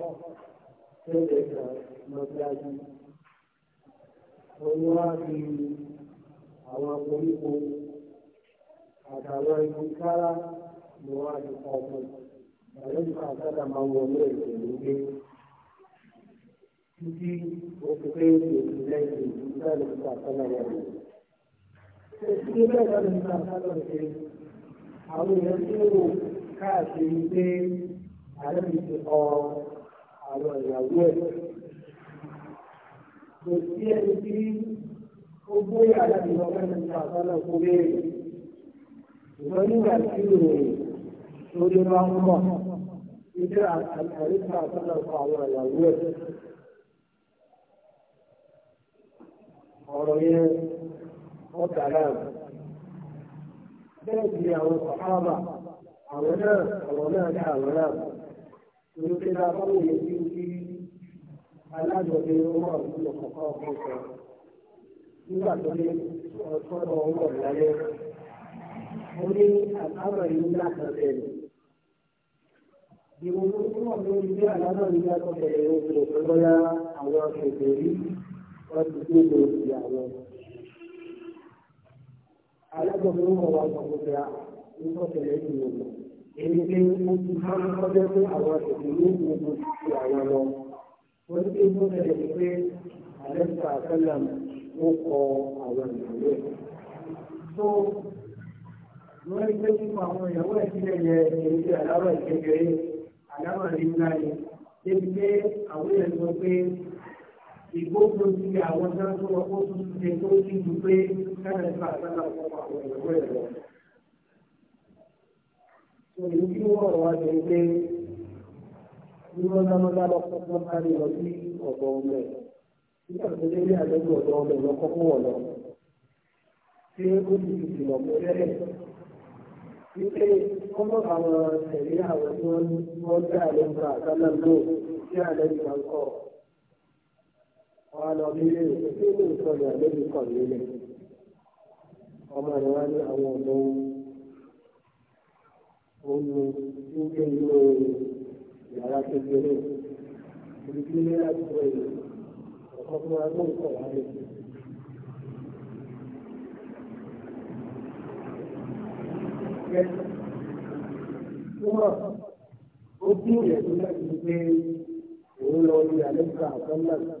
tó lè kàn lọ sí ayé. Mo ní wá fi àwọn koríko àtàwọn ibi kára ni wọ́n á ti kọ́ ọmọ. Ìgbàlejò àtàlà máa ń wọlé ìpèníjẹ́ títí oṣù kejì oṣù lẹ́yìn ìgbà lọ́sọ̀ àtọ́nà rẹ̀. Oṣù tó bẹ́ẹ̀ bá lọ́sọ̀ àtọ́nà rẹ̀ àwọn èèyàn tí ó káàkiri pé àlejò ti kọ àwọn ìyàwó ẹ̀. Kò sí ẹni tí ó gbóyà láti lọ mẹ́rin ní àtọ́nà kó béèrè. Ìgbọ́n nígbà tí ìròyìn lórí máa ń bọ̀, ìdí àtàrí àtọ́nà kọ àwọn ìyàwó ẹ̀. ọ̀rọ̀ yẹn wọ́n tà náà bẹ́ẹ̀ ni àwọn sàhábà àwọn náà ọ̀rọ̀ náà dá àwọn náà lórí pé bá báwo yẹ kí alájọbí ọmọ kọ̀ọ̀kan ọ̀hún nígbà tó ní ọ̀sọ́dọ̀ ní bẹ̀rẹ̀ òfin wọ́n ti dé lè fi àwọn. alágbọ̀nmọ́ wọn wà lọ́kọ̀ọ́dà ní kọ́tẹ̀lẹ́ ní òun. èyí ni ó ti máa ń kọ́jọ́ pé àwọn àṣẹ̀kù ní òun ti àwọn lọ. wọ́n ti dé kọ́tẹ̀lẹ́ ní pé àlẹ́sà àkàlà ó kọ àwọn ìyàwó ẹ̀. tó wọ́n rí pé nínú àwọn ìyàwó ẹ̀ sílẹ̀ yẹ èyí tí aláwọ̀ ìkékeré aláwọ̀ rí ńlá yẹ débi pé àwọn èèyàn sọ pé ìgbógun ti àwọn dáńtó ọkọ̀ tó ti ṣe tó ti dù pé káyọ̀ nípa àtàlà ọkọ̀ àwọn ìyàwó ẹ̀ lọ. Òyìn tí wọ́n rọ̀ wá lè gbé ìwọ́n náà lọ́dá lọ́kọ́ tó bá lè lọ sí ọ̀dọ̀ ọmọ ẹ̀. Nígbà tó dé ní àlejò ọ̀dọ̀ ọmọ ẹ̀ lọ́kọ́ wọ̀ lọ. Ṣé ó ti fi ìlọ̀ mọ́ lẹ́lẹ̀? Wípé kọ́mọ́ àwọn ẹ̀rí àwọn tí wọ́n dá àlejò àtàlà lò sí àlejò àkọ́ wọn lọ bí ilé rẹ̀ tí ilé ìsọdọ̀ àlejò kọ̀ nílẹ̀ ọmọ rẹ̀ wá ní àwọn ọ̀dọ́ ohun tí ń gbé inú yàrá kékeré ibi tí ilé àdúgbò yìí ọ̀kan fún wa gbọ́n kọ̀ wá lẹ́yìn. Túmọ̀ ó bí ìrẹ̀lú láti gbé òun lọ ní àlejò àkọ́ńdà náà.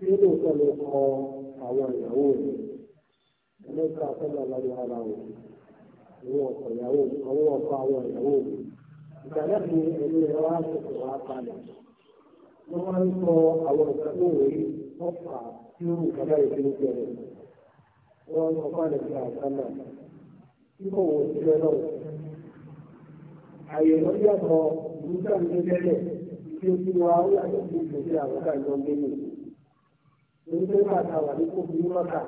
tí ó lóòótọ́ àwọn ìyàwó rẹ̀ ẹlẹ́ka sọ́dọ̀ lọ́dọ̀ ara rẹ̀ àwọn ọkọ ìyàwó àwọn ọkọ àwọn ìyàwó rẹ̀ ìgbàlẹ́ mi ẹni rẹ̀ wá sọ̀tọ̀ wá kalẹ̀ ló máa ń sọ àwọn ìgbàgbọ́ rẹ̀ ọ̀fà tí ó rùn kábàáyé tó ń jẹrẹ wọ́n ń kọ́kọ́ lè fi àkànnà tí kò wọ́n ti lẹ́ náà àyè lọ́jọ́ kan ìlú sáà ń gbé tẹ́lẹ̀ tí ó ti wá ó yàtọ̀ ní pé bàtà wà ní kò bí mọ́ta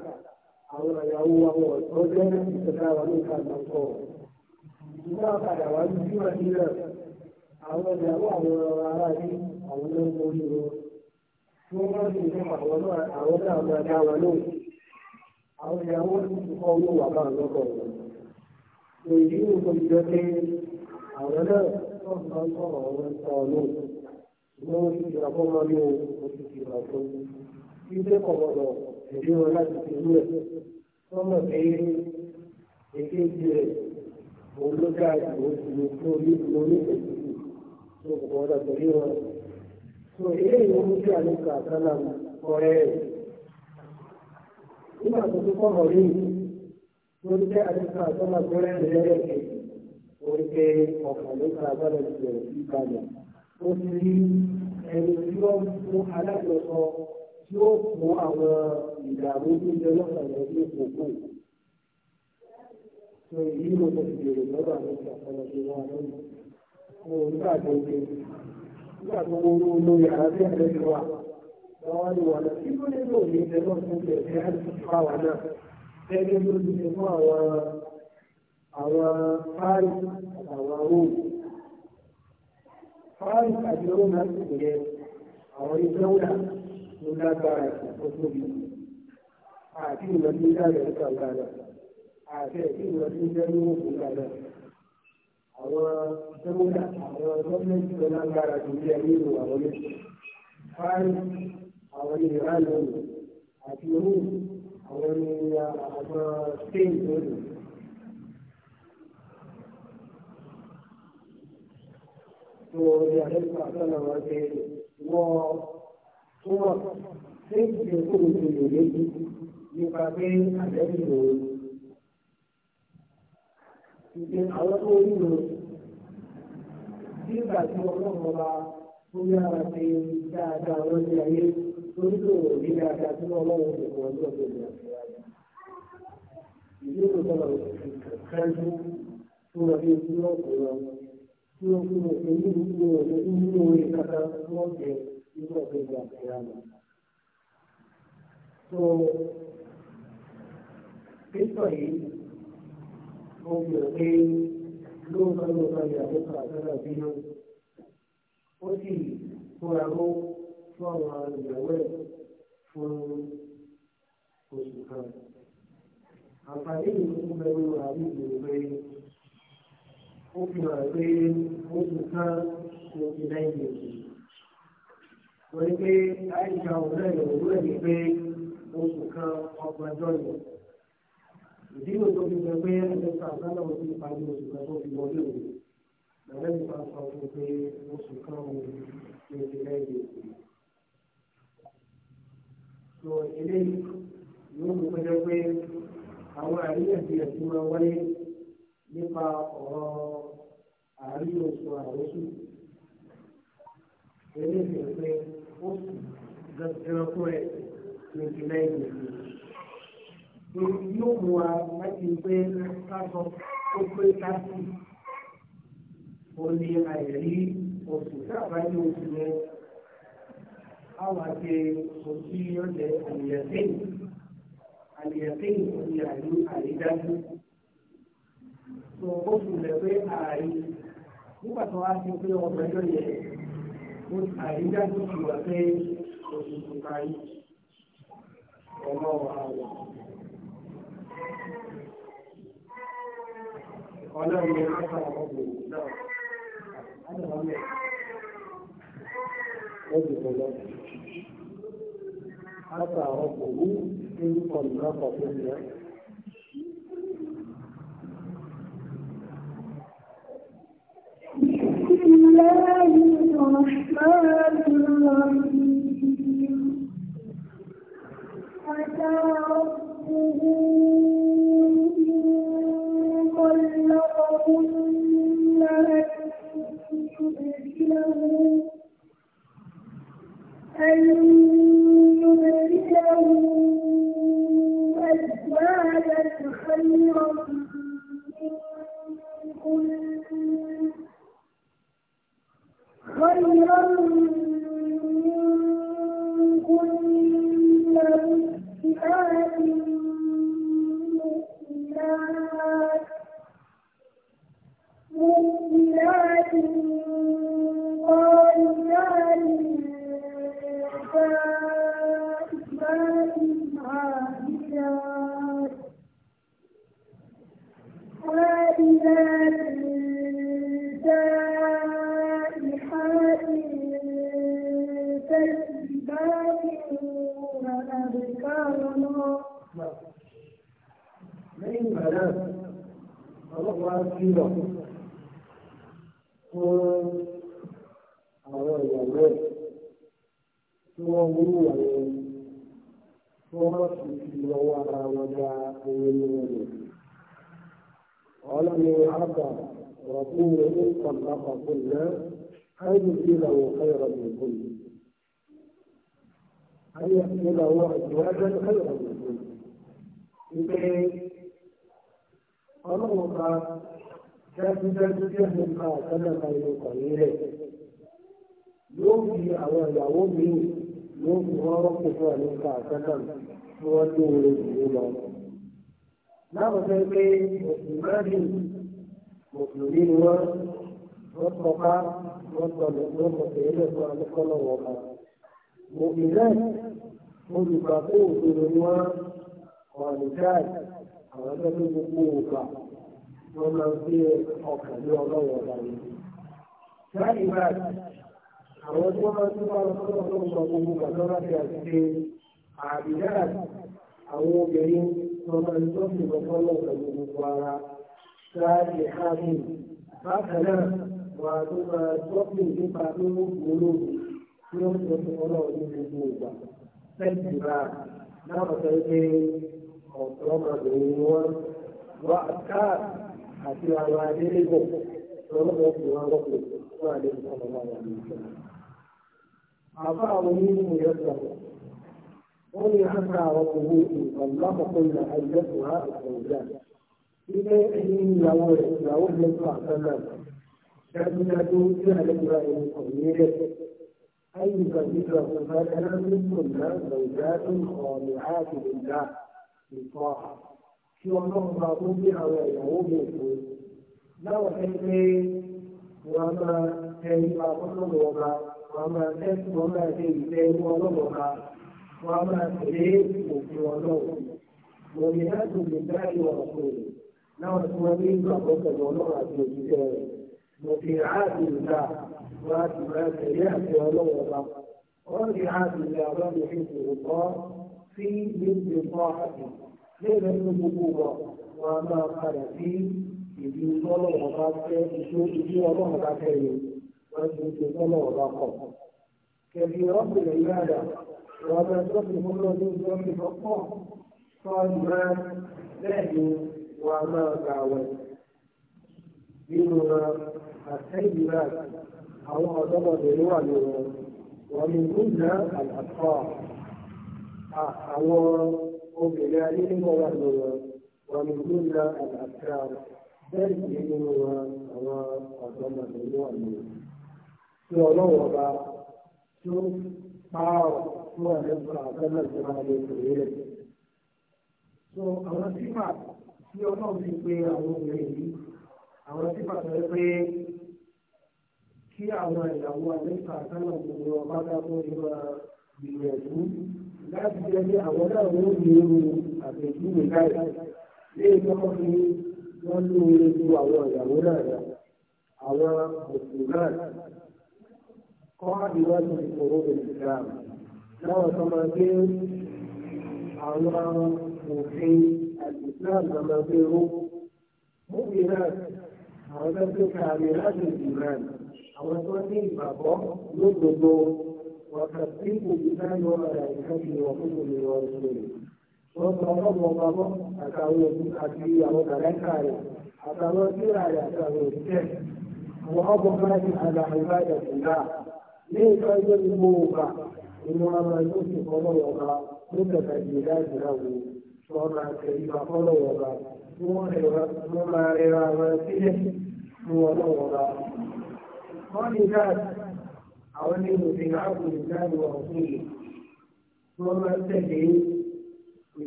àwọn àyàwó àwọn ọ̀dọ́ jẹ́ ìṣẹ̀dá wà ní ìkànnà kọ̀. ìgbà padà wà ní bí wọ́n nílẹ̀ àwọn ìyàwó àwọn ará ní àwọn náà ń borí wọn. tí wọ́n bá sì fún àwọn náà àwọn náà máa dá wọn lóhùn. àwọn ìyàwó ní ìkọ́ owó wà bá lọ́kọ̀ wọn. èyí ò tó jẹ́ pé àwọn náà tó ń bá sọ̀rọ̀ wọn sọ ilé kọ̀bọ̀dọ̀ ẹ̀dí wọn láti fi rú ẹ̀ wọ́n mọ̀ pé èkéjì rẹ̀ òun ló dáa jù ó sì lè fún orí orí òkùnkùn tó kọ̀ ọ́dọ̀ pẹ̀lú wọn. sọ ilé ìwé mú kí àlùkò àtàlà ọ̀rẹ́ rẹ̀. nígbà tó tó kọ̀ọ̀rọ̀ rí lórí pé àlùkò àtàlà ọ̀rẹ́ rẹ̀ lẹ́rẹ̀kẹ̀ orí pé ọ̀kan ló ka agbára ìbẹ̀rẹ̀ sí balẹ̀. ó ti rí ẹni tí wọ́n mú alájọsọ tí ó kó àwọn ìdààmú tó jẹ lọ́sàn yẹn ní òkú. Ṣé èyí ló mọ̀ sí èrò lọ́dọ̀ àwọn ìṣàkóso ṣe wá lónìí? Mo ò nígbà tó ṣe. Nígbà tó wọ́n ló lórí àárí àlẹ́ ti wà. Wọ́n ní wà lọ. Kí ló lè lò ní ilẹ̀ náà tó jẹ sí àti fáwa náà? Gẹ́gẹ́ bí ti ṣe fún àwọn àwọn fáì àwọn róòmù. Fáì àti róòmù láti pè é àwọn ìjọ́wọ́ ló lágbára ó tóbi àti ìwọ̀n ní ìdájọ́ nípa ìdájọ́ àti ẹ̀sìn ìwọ̀n ní ìdájọ́ ní òkú ìdájọ́ àwọn sẹ́wọ́dà àwọn gọ́ọ̀mẹ́ntì ló lágbára jù ní ẹ̀mí ìlú àwọn méjì fáàrí àwọn ní ìran lónìí àti orú àwọn ní àwọn spain lónìí. So, the other person was saying, well, tó wọ̀ ṣé ìṣe kó lè lébi nípa pé àlẹ́bí lò ó. Ìṣe àwọn tó rí lò nígbà tí ọlọ́run ọba tó yára ṣe dáadáa wọn ní ayé torí tó rò ní dáadáa tí ọlọ́run kò kọ́ ọjọ́ tó lè ṣe ayé. Ìdí tó tọ́lọ̀ ṣáájú tó wọ́n fi ń lọ́kùnrin tí wọ́n fi ń lọ́kùnrin nínú ìlú rẹ̀ nínú ìlú rẹ̀ kankan wọ́n jẹ́ nígbà tó gba ìyá lọ. So pípọ̀ yìí mo fi hàn pé lóòótọ́ lóòótọ́ ìyàwó kan àtọ́nà bínú ó sì kóra mọ́ fún àwọn ìyàwó ẹ̀ fún oṣù kan. Àǹfààní ìlú tó bẹ nínú àárín ìlú pé ó fi hàn pé oṣù kan kò fi lẹ́yìn oṣù torí pé àìsàn òwúrọ̀ yìí òwúrọ̀ yìí pé oṣù kan ọgbọ̀njọ́ yìí ìdí yóò tó fi jẹ pé ẹgbẹ́ta àgbàlá òfin ìpàdé oṣù kan tó fi wọlé òde lọ́lẹ́ nípa sọ fún pé oṣù kan òun ní ìdílé èdè òde. sọ eléyìí yóò mú pẹ́jọ́ pé àwọn àríyànjiyàn tí máa wáyé nípa ọ̀rọ̀ àárín oṣù àròsù eléyìí pé ó gẹ̀rọ fún ẹ̀ twenty a years yóò mú wa láti pé ká sọ ó pé ká sí ó ní àìrí oṣù sábà ní oṣù yẹn àwọn àti oṣù yọjẹ àyẹ̀fẹ́ àyẹ̀fẹ́ ní àìrí àrídájú tó oṣù rẹ̀ pé ààrí nígbà tó wá sí pé àrídájú ti wà pé oṣù tó parí ọlọ́wọ́ àwọ̀. ọlọ́run ní ọjọ́ ọ̀gbìn náà adàmọ́ mẹ́rin ó dìbò lọ́wọ́. حتى ربه إن طلق كل الرحمن الرحيم ọlọ́run ka dájúdájú bí ẹni ká àtọ́nàmà inú kọ̀ọ̀yìn rẹ̀ yóò fi àwọn ìyàwó míì yóò fi wọ́n rọ́pò fún ẹni ká àtọ́nàmà tí wọ́n tó wọlé ìlú lọ. láwọn fẹ́ pé mùsùlùmí mùsùlùmí ni wọ́n wọ́n tọ́ka wọ́n tọ́lẹ̀ wọ́n tọ́tẹ̀ ilé fún alẹ́kọ́lọ́ wọn kan. mùsùlùmí olùgbàgbọ́ òṣèlú ni wọ́n kọ̀ọ̀nì àwọn ẹgbẹ́ tó gbogbo ògbà wọ́n máa ń gbé ọkàn ní ọlọ́wọ́ ọba ni. láì bá àwọn tí wọ́n máa ń tún bá wọn sọ́dọ̀ tó ń sọ gbogbo gbàgbọ́ láti àṣìṣe àbídá àwọn obìnrin wọn máa ń tọ́ sí lọ́kọ́ lọ́kọ̀ ní gbogbo ara láti hábì bákan náà wọn a tún máa tọ́ sí nípa mímú gbólóògùn tí ó ń sọ fún ọlọ́run ní gbogbo ìgbà ọ̀pọ̀lọpọ̀ wọn wá káà àti àwọn adélébọ̀ lọ́lọ́pọ̀ fi wọn rọ́pò fún àdéhùn ọmọ wọn ní ìṣẹ̀lẹ̀. àbá àwọn onímọ̀ yẹn sọ wọ́n ní àṣà àwọn owó ìgbàlápọ̀pọ̀ ìlà àìjẹ́kùn á ìgbàlódà ilé ẹni ìyàwó rẹ̀ ìyàwó mẹ́fà sọ́nà dájúdájú tí àlejò ẹni kò ní rẹ̀. أي ذكر فكان منكن زوجات خاضعات لله ìfọ́ kí ọlọ́run bá tó bí àwọn ìyàwó mi fò láwọn ẹni pé wọn máa ẹni bá ọlọ́run ọba wọn máa ẹni wọn máa ṣe ìfẹ́ ẹni ọlọ́run ọba wọn máa tẹ̀lé òfin ọlọ́run lórí láti lè dá ìwà ọ̀sẹ̀ láwọn tí wọ́n ní ìgbàgbọ́ pẹ̀lú ọlọ́run àti òṣìṣẹ́ rẹ̀ mo fi àádì ìgbà wọn á ti máa tẹ̀lé àti ọlọ́run ọba wọn fi àádì ìgbà wọn lè fi ìgbòho sí ìlú ìfọ́nàkì lẹ́nu ní gbogbo wa wọn a máa padà sí ìlú ọlọ́wọ́ bá fẹ́ ìṣó ìlú ọlọ́wọ́ bá fẹ́ yẹ wọ́n ti ṣe ọlọ́wọ́ bá kọ̀. kẹ̀lí ọ̀pẹ̀lẹ̀ yára àwọn obìnrin ayé nínú wa ló wọn wọn ni ló ń la àlàáfíà bẹ́ẹ̀ sì nínú wa àwọn ọ̀dọ́mọdé wà ní tí ọlọ́run ọba tí ó pààrọ̀ fún àlẹ́fà àtẹ́lẹ̀sẹ̀ máa lè pè é lẹ̀. so àwọn sífà tí ọlọ́run ti pe àwọn obìnrin yìí àwọn sífà tó yẹ pé kí àwọn ìyàwó àlẹ́fà àtẹ́lẹ̀sẹ̀ máa bá dákúrò nípa gbìyànjú láti jẹ́ pé àwọn náà ń lè ru àpèjúwe báyìí léè tọ́kọ́ fi wọ́n ní oore ju àwọn ìyàwó náà lọ àwọn òṣèlú náà kọ́ ìwádìí ìṣòro ìsìlámù láwọn tó máa gbé àwọn òfin àti islam náà máa gbé ró múbi náà àwọn tó ń gbé kàmí láti ìlú àwọn tó ní ìgbàgbọ́ lódodo والتصديق بالله وملائكته وكتبه ورسله sọ́kàn ọlọ́run ọba mọ́ àtàwọn òbí àti àwọn kàlẹ́kà rẹ̀ àtàwọn síra rẹ̀ àtàwọn òṣìṣẹ́ àwọn ọgbọ̀n máa ti àgbà àgbà ìdàgbà ní nǹkan ẹgbẹ́ gbogbo ọba inú ọmọ inú sì ọlọ́run ọba ló bẹ̀rẹ̀ ìdílé ìdáwó sọ́ra ìgbà ọlọ́run ọba tí wọ́n máa rẹra wọn sílẹ̀ fún ọlọ́run ọba. wọ́n ní káàdì àwọn ní òfin ààbò ìdájọ́ ọ̀hún yìí tí wọ́n máa ń tẹ̀lé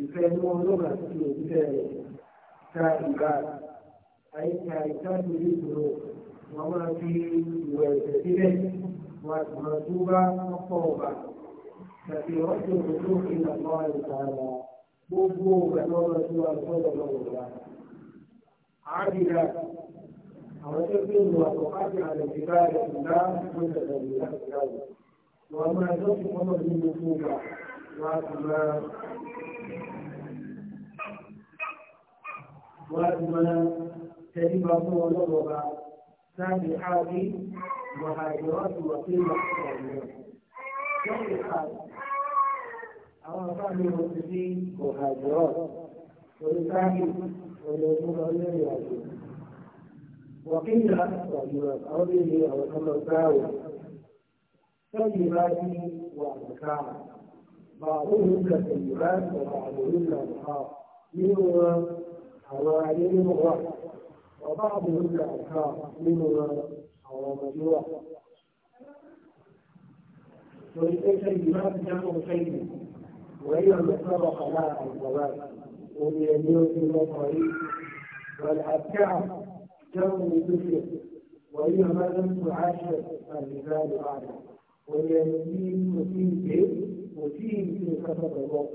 ìfẹ́ ní wọn lọ́gà sí òṣìṣẹ́ rẹ̀ ta ìgbà àìsàn ìtàkùn ìṣòro wọn máa fi ìwẹ̀ ẹ̀sẹ̀ sílẹ̀ wọn àti máa tó bá ọkọ̀ ọ̀bà tàbí ọ̀sẹ̀ òṣèlú ìlà náà ìta ara gbogbo ìgbà náà lọ sí wa lọ́dọ̀ lọ́wọ́ àwọn tó bí lu àkọ́kọ́ àti àlejò bá rẹ̀ ń bá ló ń tẹ̀lé láti dáwọ̀. wọ́n máa tó fi kọ́nà ní gbogbo ìgbà wọ́n á ti máa wọ́n á ti máa tẹ̀lé bá fún ọlọ́wọ́ bá láti áwí wàhálà àti wàhálà ìgbàlódé. wọ́n lè ka àwọn afá mi wọ́n ti rí wàhálà ìgbàlódé. orí sáà ní ọ̀nà ìmúlọ́lẹ́rìn àjò. وقيل رجل الأرض أو المساوي طيبات وأذكار بعضهم كطيبات وبعضهن أنهار منها حوالي الغرب وبعضهن أنهار منها مجروح ولكي كلمات جمع شيء وهي ما سبق لها الزواج وبيمين المصاريف والأبكار جمع الذكر وهي ما لم تعاشر الرجال أعلم وهي التي تتيم به وتيم في كسب الوقت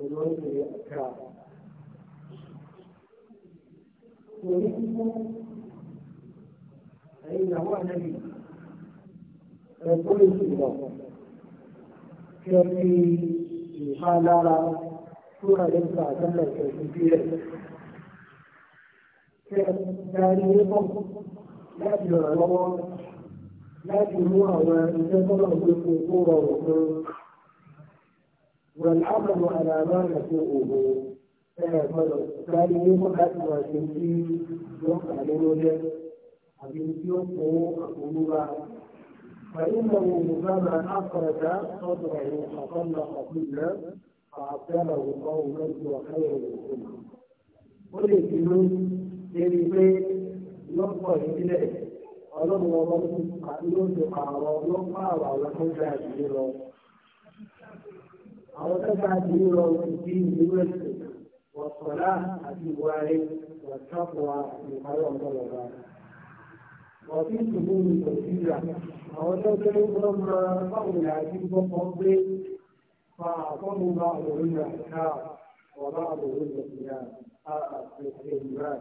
ونوت الأكرام ورثه أين هو نبي فقلت الله كفي قال لا سورة ينفع سنة كثيرة darí ẹ̀kọ́ láti ràn lọ́wọ́ láti mú àwọn iṣẹ́ tọ́lọ̀ tó kó kó rọrùn fún wọn lábàmù àlàmà àti òhò ẹ̀rẹ̀ gbọ́dọ̀ darí ẹ̀kọ́ láti wà sí tí wọ́n kà nínú jẹ́ àbí tí ó kó àkóyúwa. فإنه ربما أخرج صدره أقل قبيلا فأقبله قوما وخير منهم. قل lérí pé lọ́pọ̀ ìbílẹ̀ ọlọ́run ọmọ ló ń lo àwọn ọlọ́pàá àwọn àwọn tó ń gba ìdílé lọ. àwọn tó ń gba ìdílé lọ ti di ìlú ẹ̀sìn wọ̀sọ̀lá àti ìwárí wọ̀tọ́pọ̀wá ìparí ọ̀gbọ̀lọ̀gbà. ọ̀sìn ìṣubú ni kò sí ìyà àwọn tó ń gbé wọn mọ báwọn ìyá àti gbọ́mọ gbé fa àkọ́mù bá òun ìyà ká ọ̀bá òun ìyà ká àti ìyà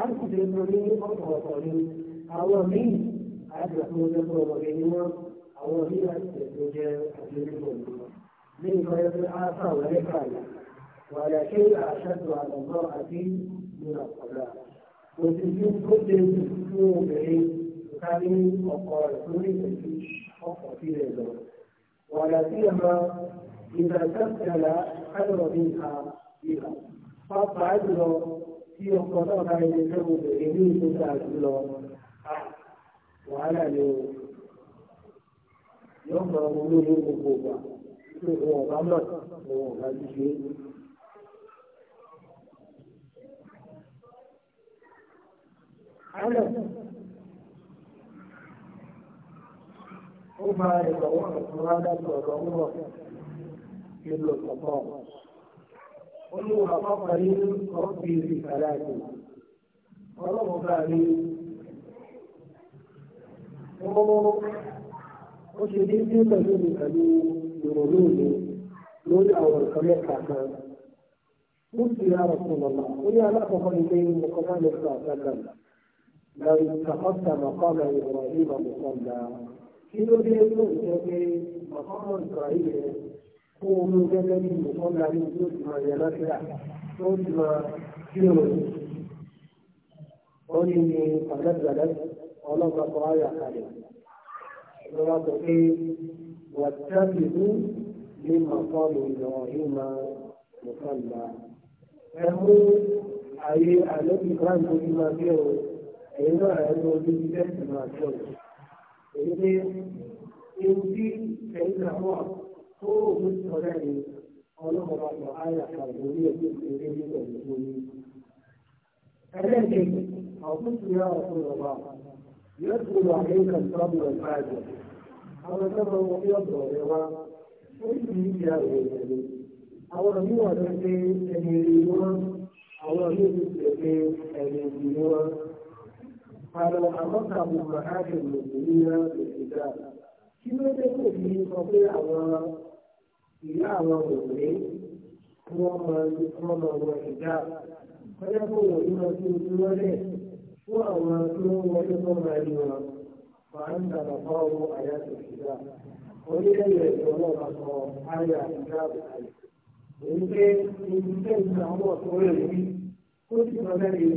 àkùdé ló ní ọ̀pọ̀lọpọ̀ ni àwọn míì àjọ̀kún lẹ́kọ̀ọ́ wọ̀nyí ni wọ́n àwọn míì àjọ̀kún jẹ́ àjọyọ̀ ní ìfẹ́ fún áṣà wọlé kàlẹ̀ wàlẹ̀ ṣé àṣàjọ àlọ́gbọ́n àti ìlú ọ̀pọ̀lá òsì tí ó ṣe fún obìnrin ká ní ọkọ̀ rẹ̀ tó ní ìtẹ̀sí ọkọ̀ sí rẹ̀ lọ wàlẹ̀ sí ẹ̀ma ìdàgbàsẹ̀lá kálọ̀ ní ìhà ìhà pápá jùlọ tí ọkọ̀ náà bá yẹ fẹ́ mo bèrè ní ìlú ta jùlọ wàhálà ni o yóò mọ olú ní gbogbo ìgbà tí òun ọ̀gá mọ̀ òun ọ̀gá jíjẹ. Àlọ́ ó máa rẹ̀ lọ́wọ́ ọ̀tún rádà sọ̀rọ̀ ọ̀rọ̀ nílò ọ̀pọ̀ olówó àpapọ̀ ní ربي ìfàlẹ́ àti ọlọ́wọ́ bá rí ọmọ ó ṣe déédéé pẹ̀lú mi pẹ̀lú ìrònú mi lórí àwọn nǹkan mẹ́ta kan. ó sì yá ọ̀sán lọ́la ó ní alákọ̀ọ́kọ́ ní pé mo kọ́ máa ń lọ àgbàgbà lórí ìtàkọ́sà màkọ́mà ìrọ̀ ìmọ̀ mọ̀kànlá kí ló dé tó pé màkọ́mà ìrọ̀ ìrọ̀ kó o mú gẹ́gẹ́ bí nǹkan láyé tí ó ti máa yẹ lọ́sílà tó ti máa kí o rẹ̀. ó ní ní pàdánù ọlọ́gbà kan ayà kalẹ̀ ló wá sọ pé wà tábì mú ní màkọ́lù lọ ìmà mùsàlùmá. ẹ mú ayé àlọ́bì kan tó ti máa bí o èyí náà ẹ mú ojú bí máa bí o. èyí ni ewu tí ẹ̀yìn náà wà tó òun ti ọ̀rẹ́ mi ọlọ́mọba lọ ayé àkàrà orí ẹ̀jẹ̀ ìṣeré nígbà tó ní. ẹlẹ́ẹ̀kejì ọ̀tún ti yá ọ̀tún lọ́wọ́ yóò tún lọ àyíká ìtọ́jú rẹ̀ báyìí. àwọn ẹgbẹ́ wọn bí ọ̀dọ̀ rẹ̀ wá ó sì ń yà rẹ̀ rẹ̀ àwọn mìíràn ló ṣe ẹni rí wọn àwọn mìíràn ló ṣe ẹni rí wọn. àlọ́ àmọ́kàbùmọ̀ á ṣe lòdì nílá lòdì dáa kí ló dé kò fi sọ pé àwọn ìyá àwọn òwe kí wọ́n máa ń wọ́n máa wọ ìdá kọ́lá kó wọ́n ní wọn tí ojú wọlé fún àwọn tí wọ́n wọlé tó máa rí wọn máa ń dàgbà bá owó àyà tó ìdá onílẹ̀ ìjọba àkọ́ àyà ìdá àbùkálẹ̀. èyí pé ibi tẹ́ ìgbà àwọn ọ̀tọ́rẹ́ rí kó sì lọ lẹ́yìn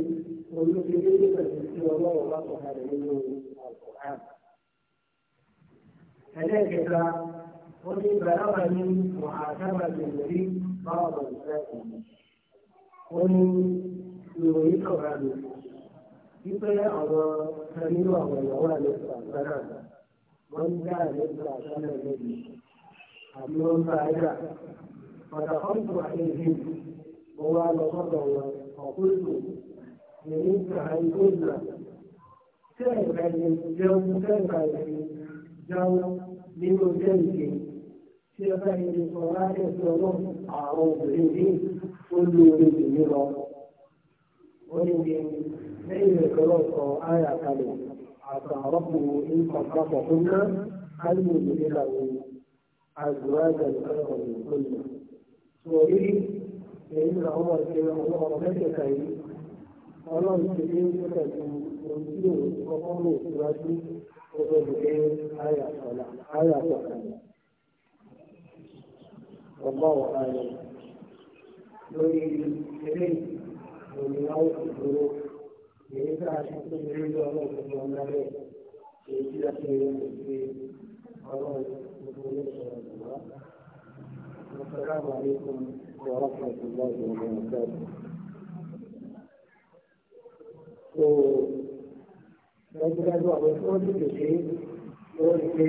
olóṣèlú pẹ̀lú tí ọlọ́run bá sọ̀kalẹ̀ nínú àkọ́kọ́. ومن بلغني محاكمة النبي بعض الفاتن ومن يريد هذا يبقى على كلمة ويوالد الثلاثة من كان يبقى عشان النبي أمر فاجع فدخلت عليهم وأنا صدر فقلت منك أن قلنا كيف أن الجو كيف أن الجو من جنبي tí ó fẹ́ ní sọ̀rọ̀ láti ẹ̀sìn ọlọ́run àwọn obìnrin yìí ó lu orí ìlú lọ. ó ní ní lẹ́yìn ìkọlọ́ sọ àyà kalẹ̀ àtàrọ́pù ìkọ̀kọ̀ fún náà kálíwò ìdílé làwọn àgbàlagbà ìkọlọ̀ ìkọlọ̀. sọ̀rí èyí ni àwọn ọ̀sẹ̀ ọlọ́run mẹ́tẹ̀ẹ̀ta yìí ọlọ́run ti dé pẹ̀lú ohun tí òun kọ́kọ́ lò síwájú ó fẹ́ lè dé àyà sọ̀lá والله أعلم lórí ilé ìgbòmìnáwó ìgbòho èyí tá a ti kú lórí ọlọ́run tó ń lálẹ́ èyí tí a ti rí ìgbé ọlọ́run gbogbo lẹ́sọ̀rọ̀ ìgbà. السلام عليكم ورحمة الله وبركاته. So, dájúdájú àwọn tó ń dìbò ṣe lórí pé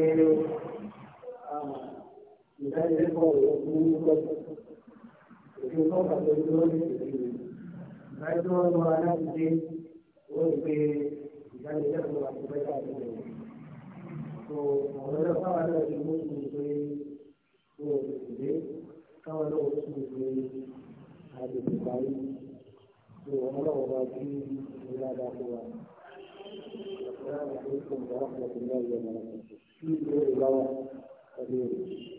ìdánilẹ́kọ̀ọ́ rẹ̀ fún lọ́jọ́ òfin lọ́kà tó ń lọ́ọ́ lẹ́sẹ̀ sí i. ìdájọ́ ọmọ aláṣẹ wọ́n ń pe ìdánilẹ́kọ̀ọ́ àti bẹ́ẹ̀ àti bẹ́ẹ̀. tó àwọn ọ̀dọ́ fáwọn náà ti mú ìlú pé wọ́n ò sì dé káwọn náà ó sì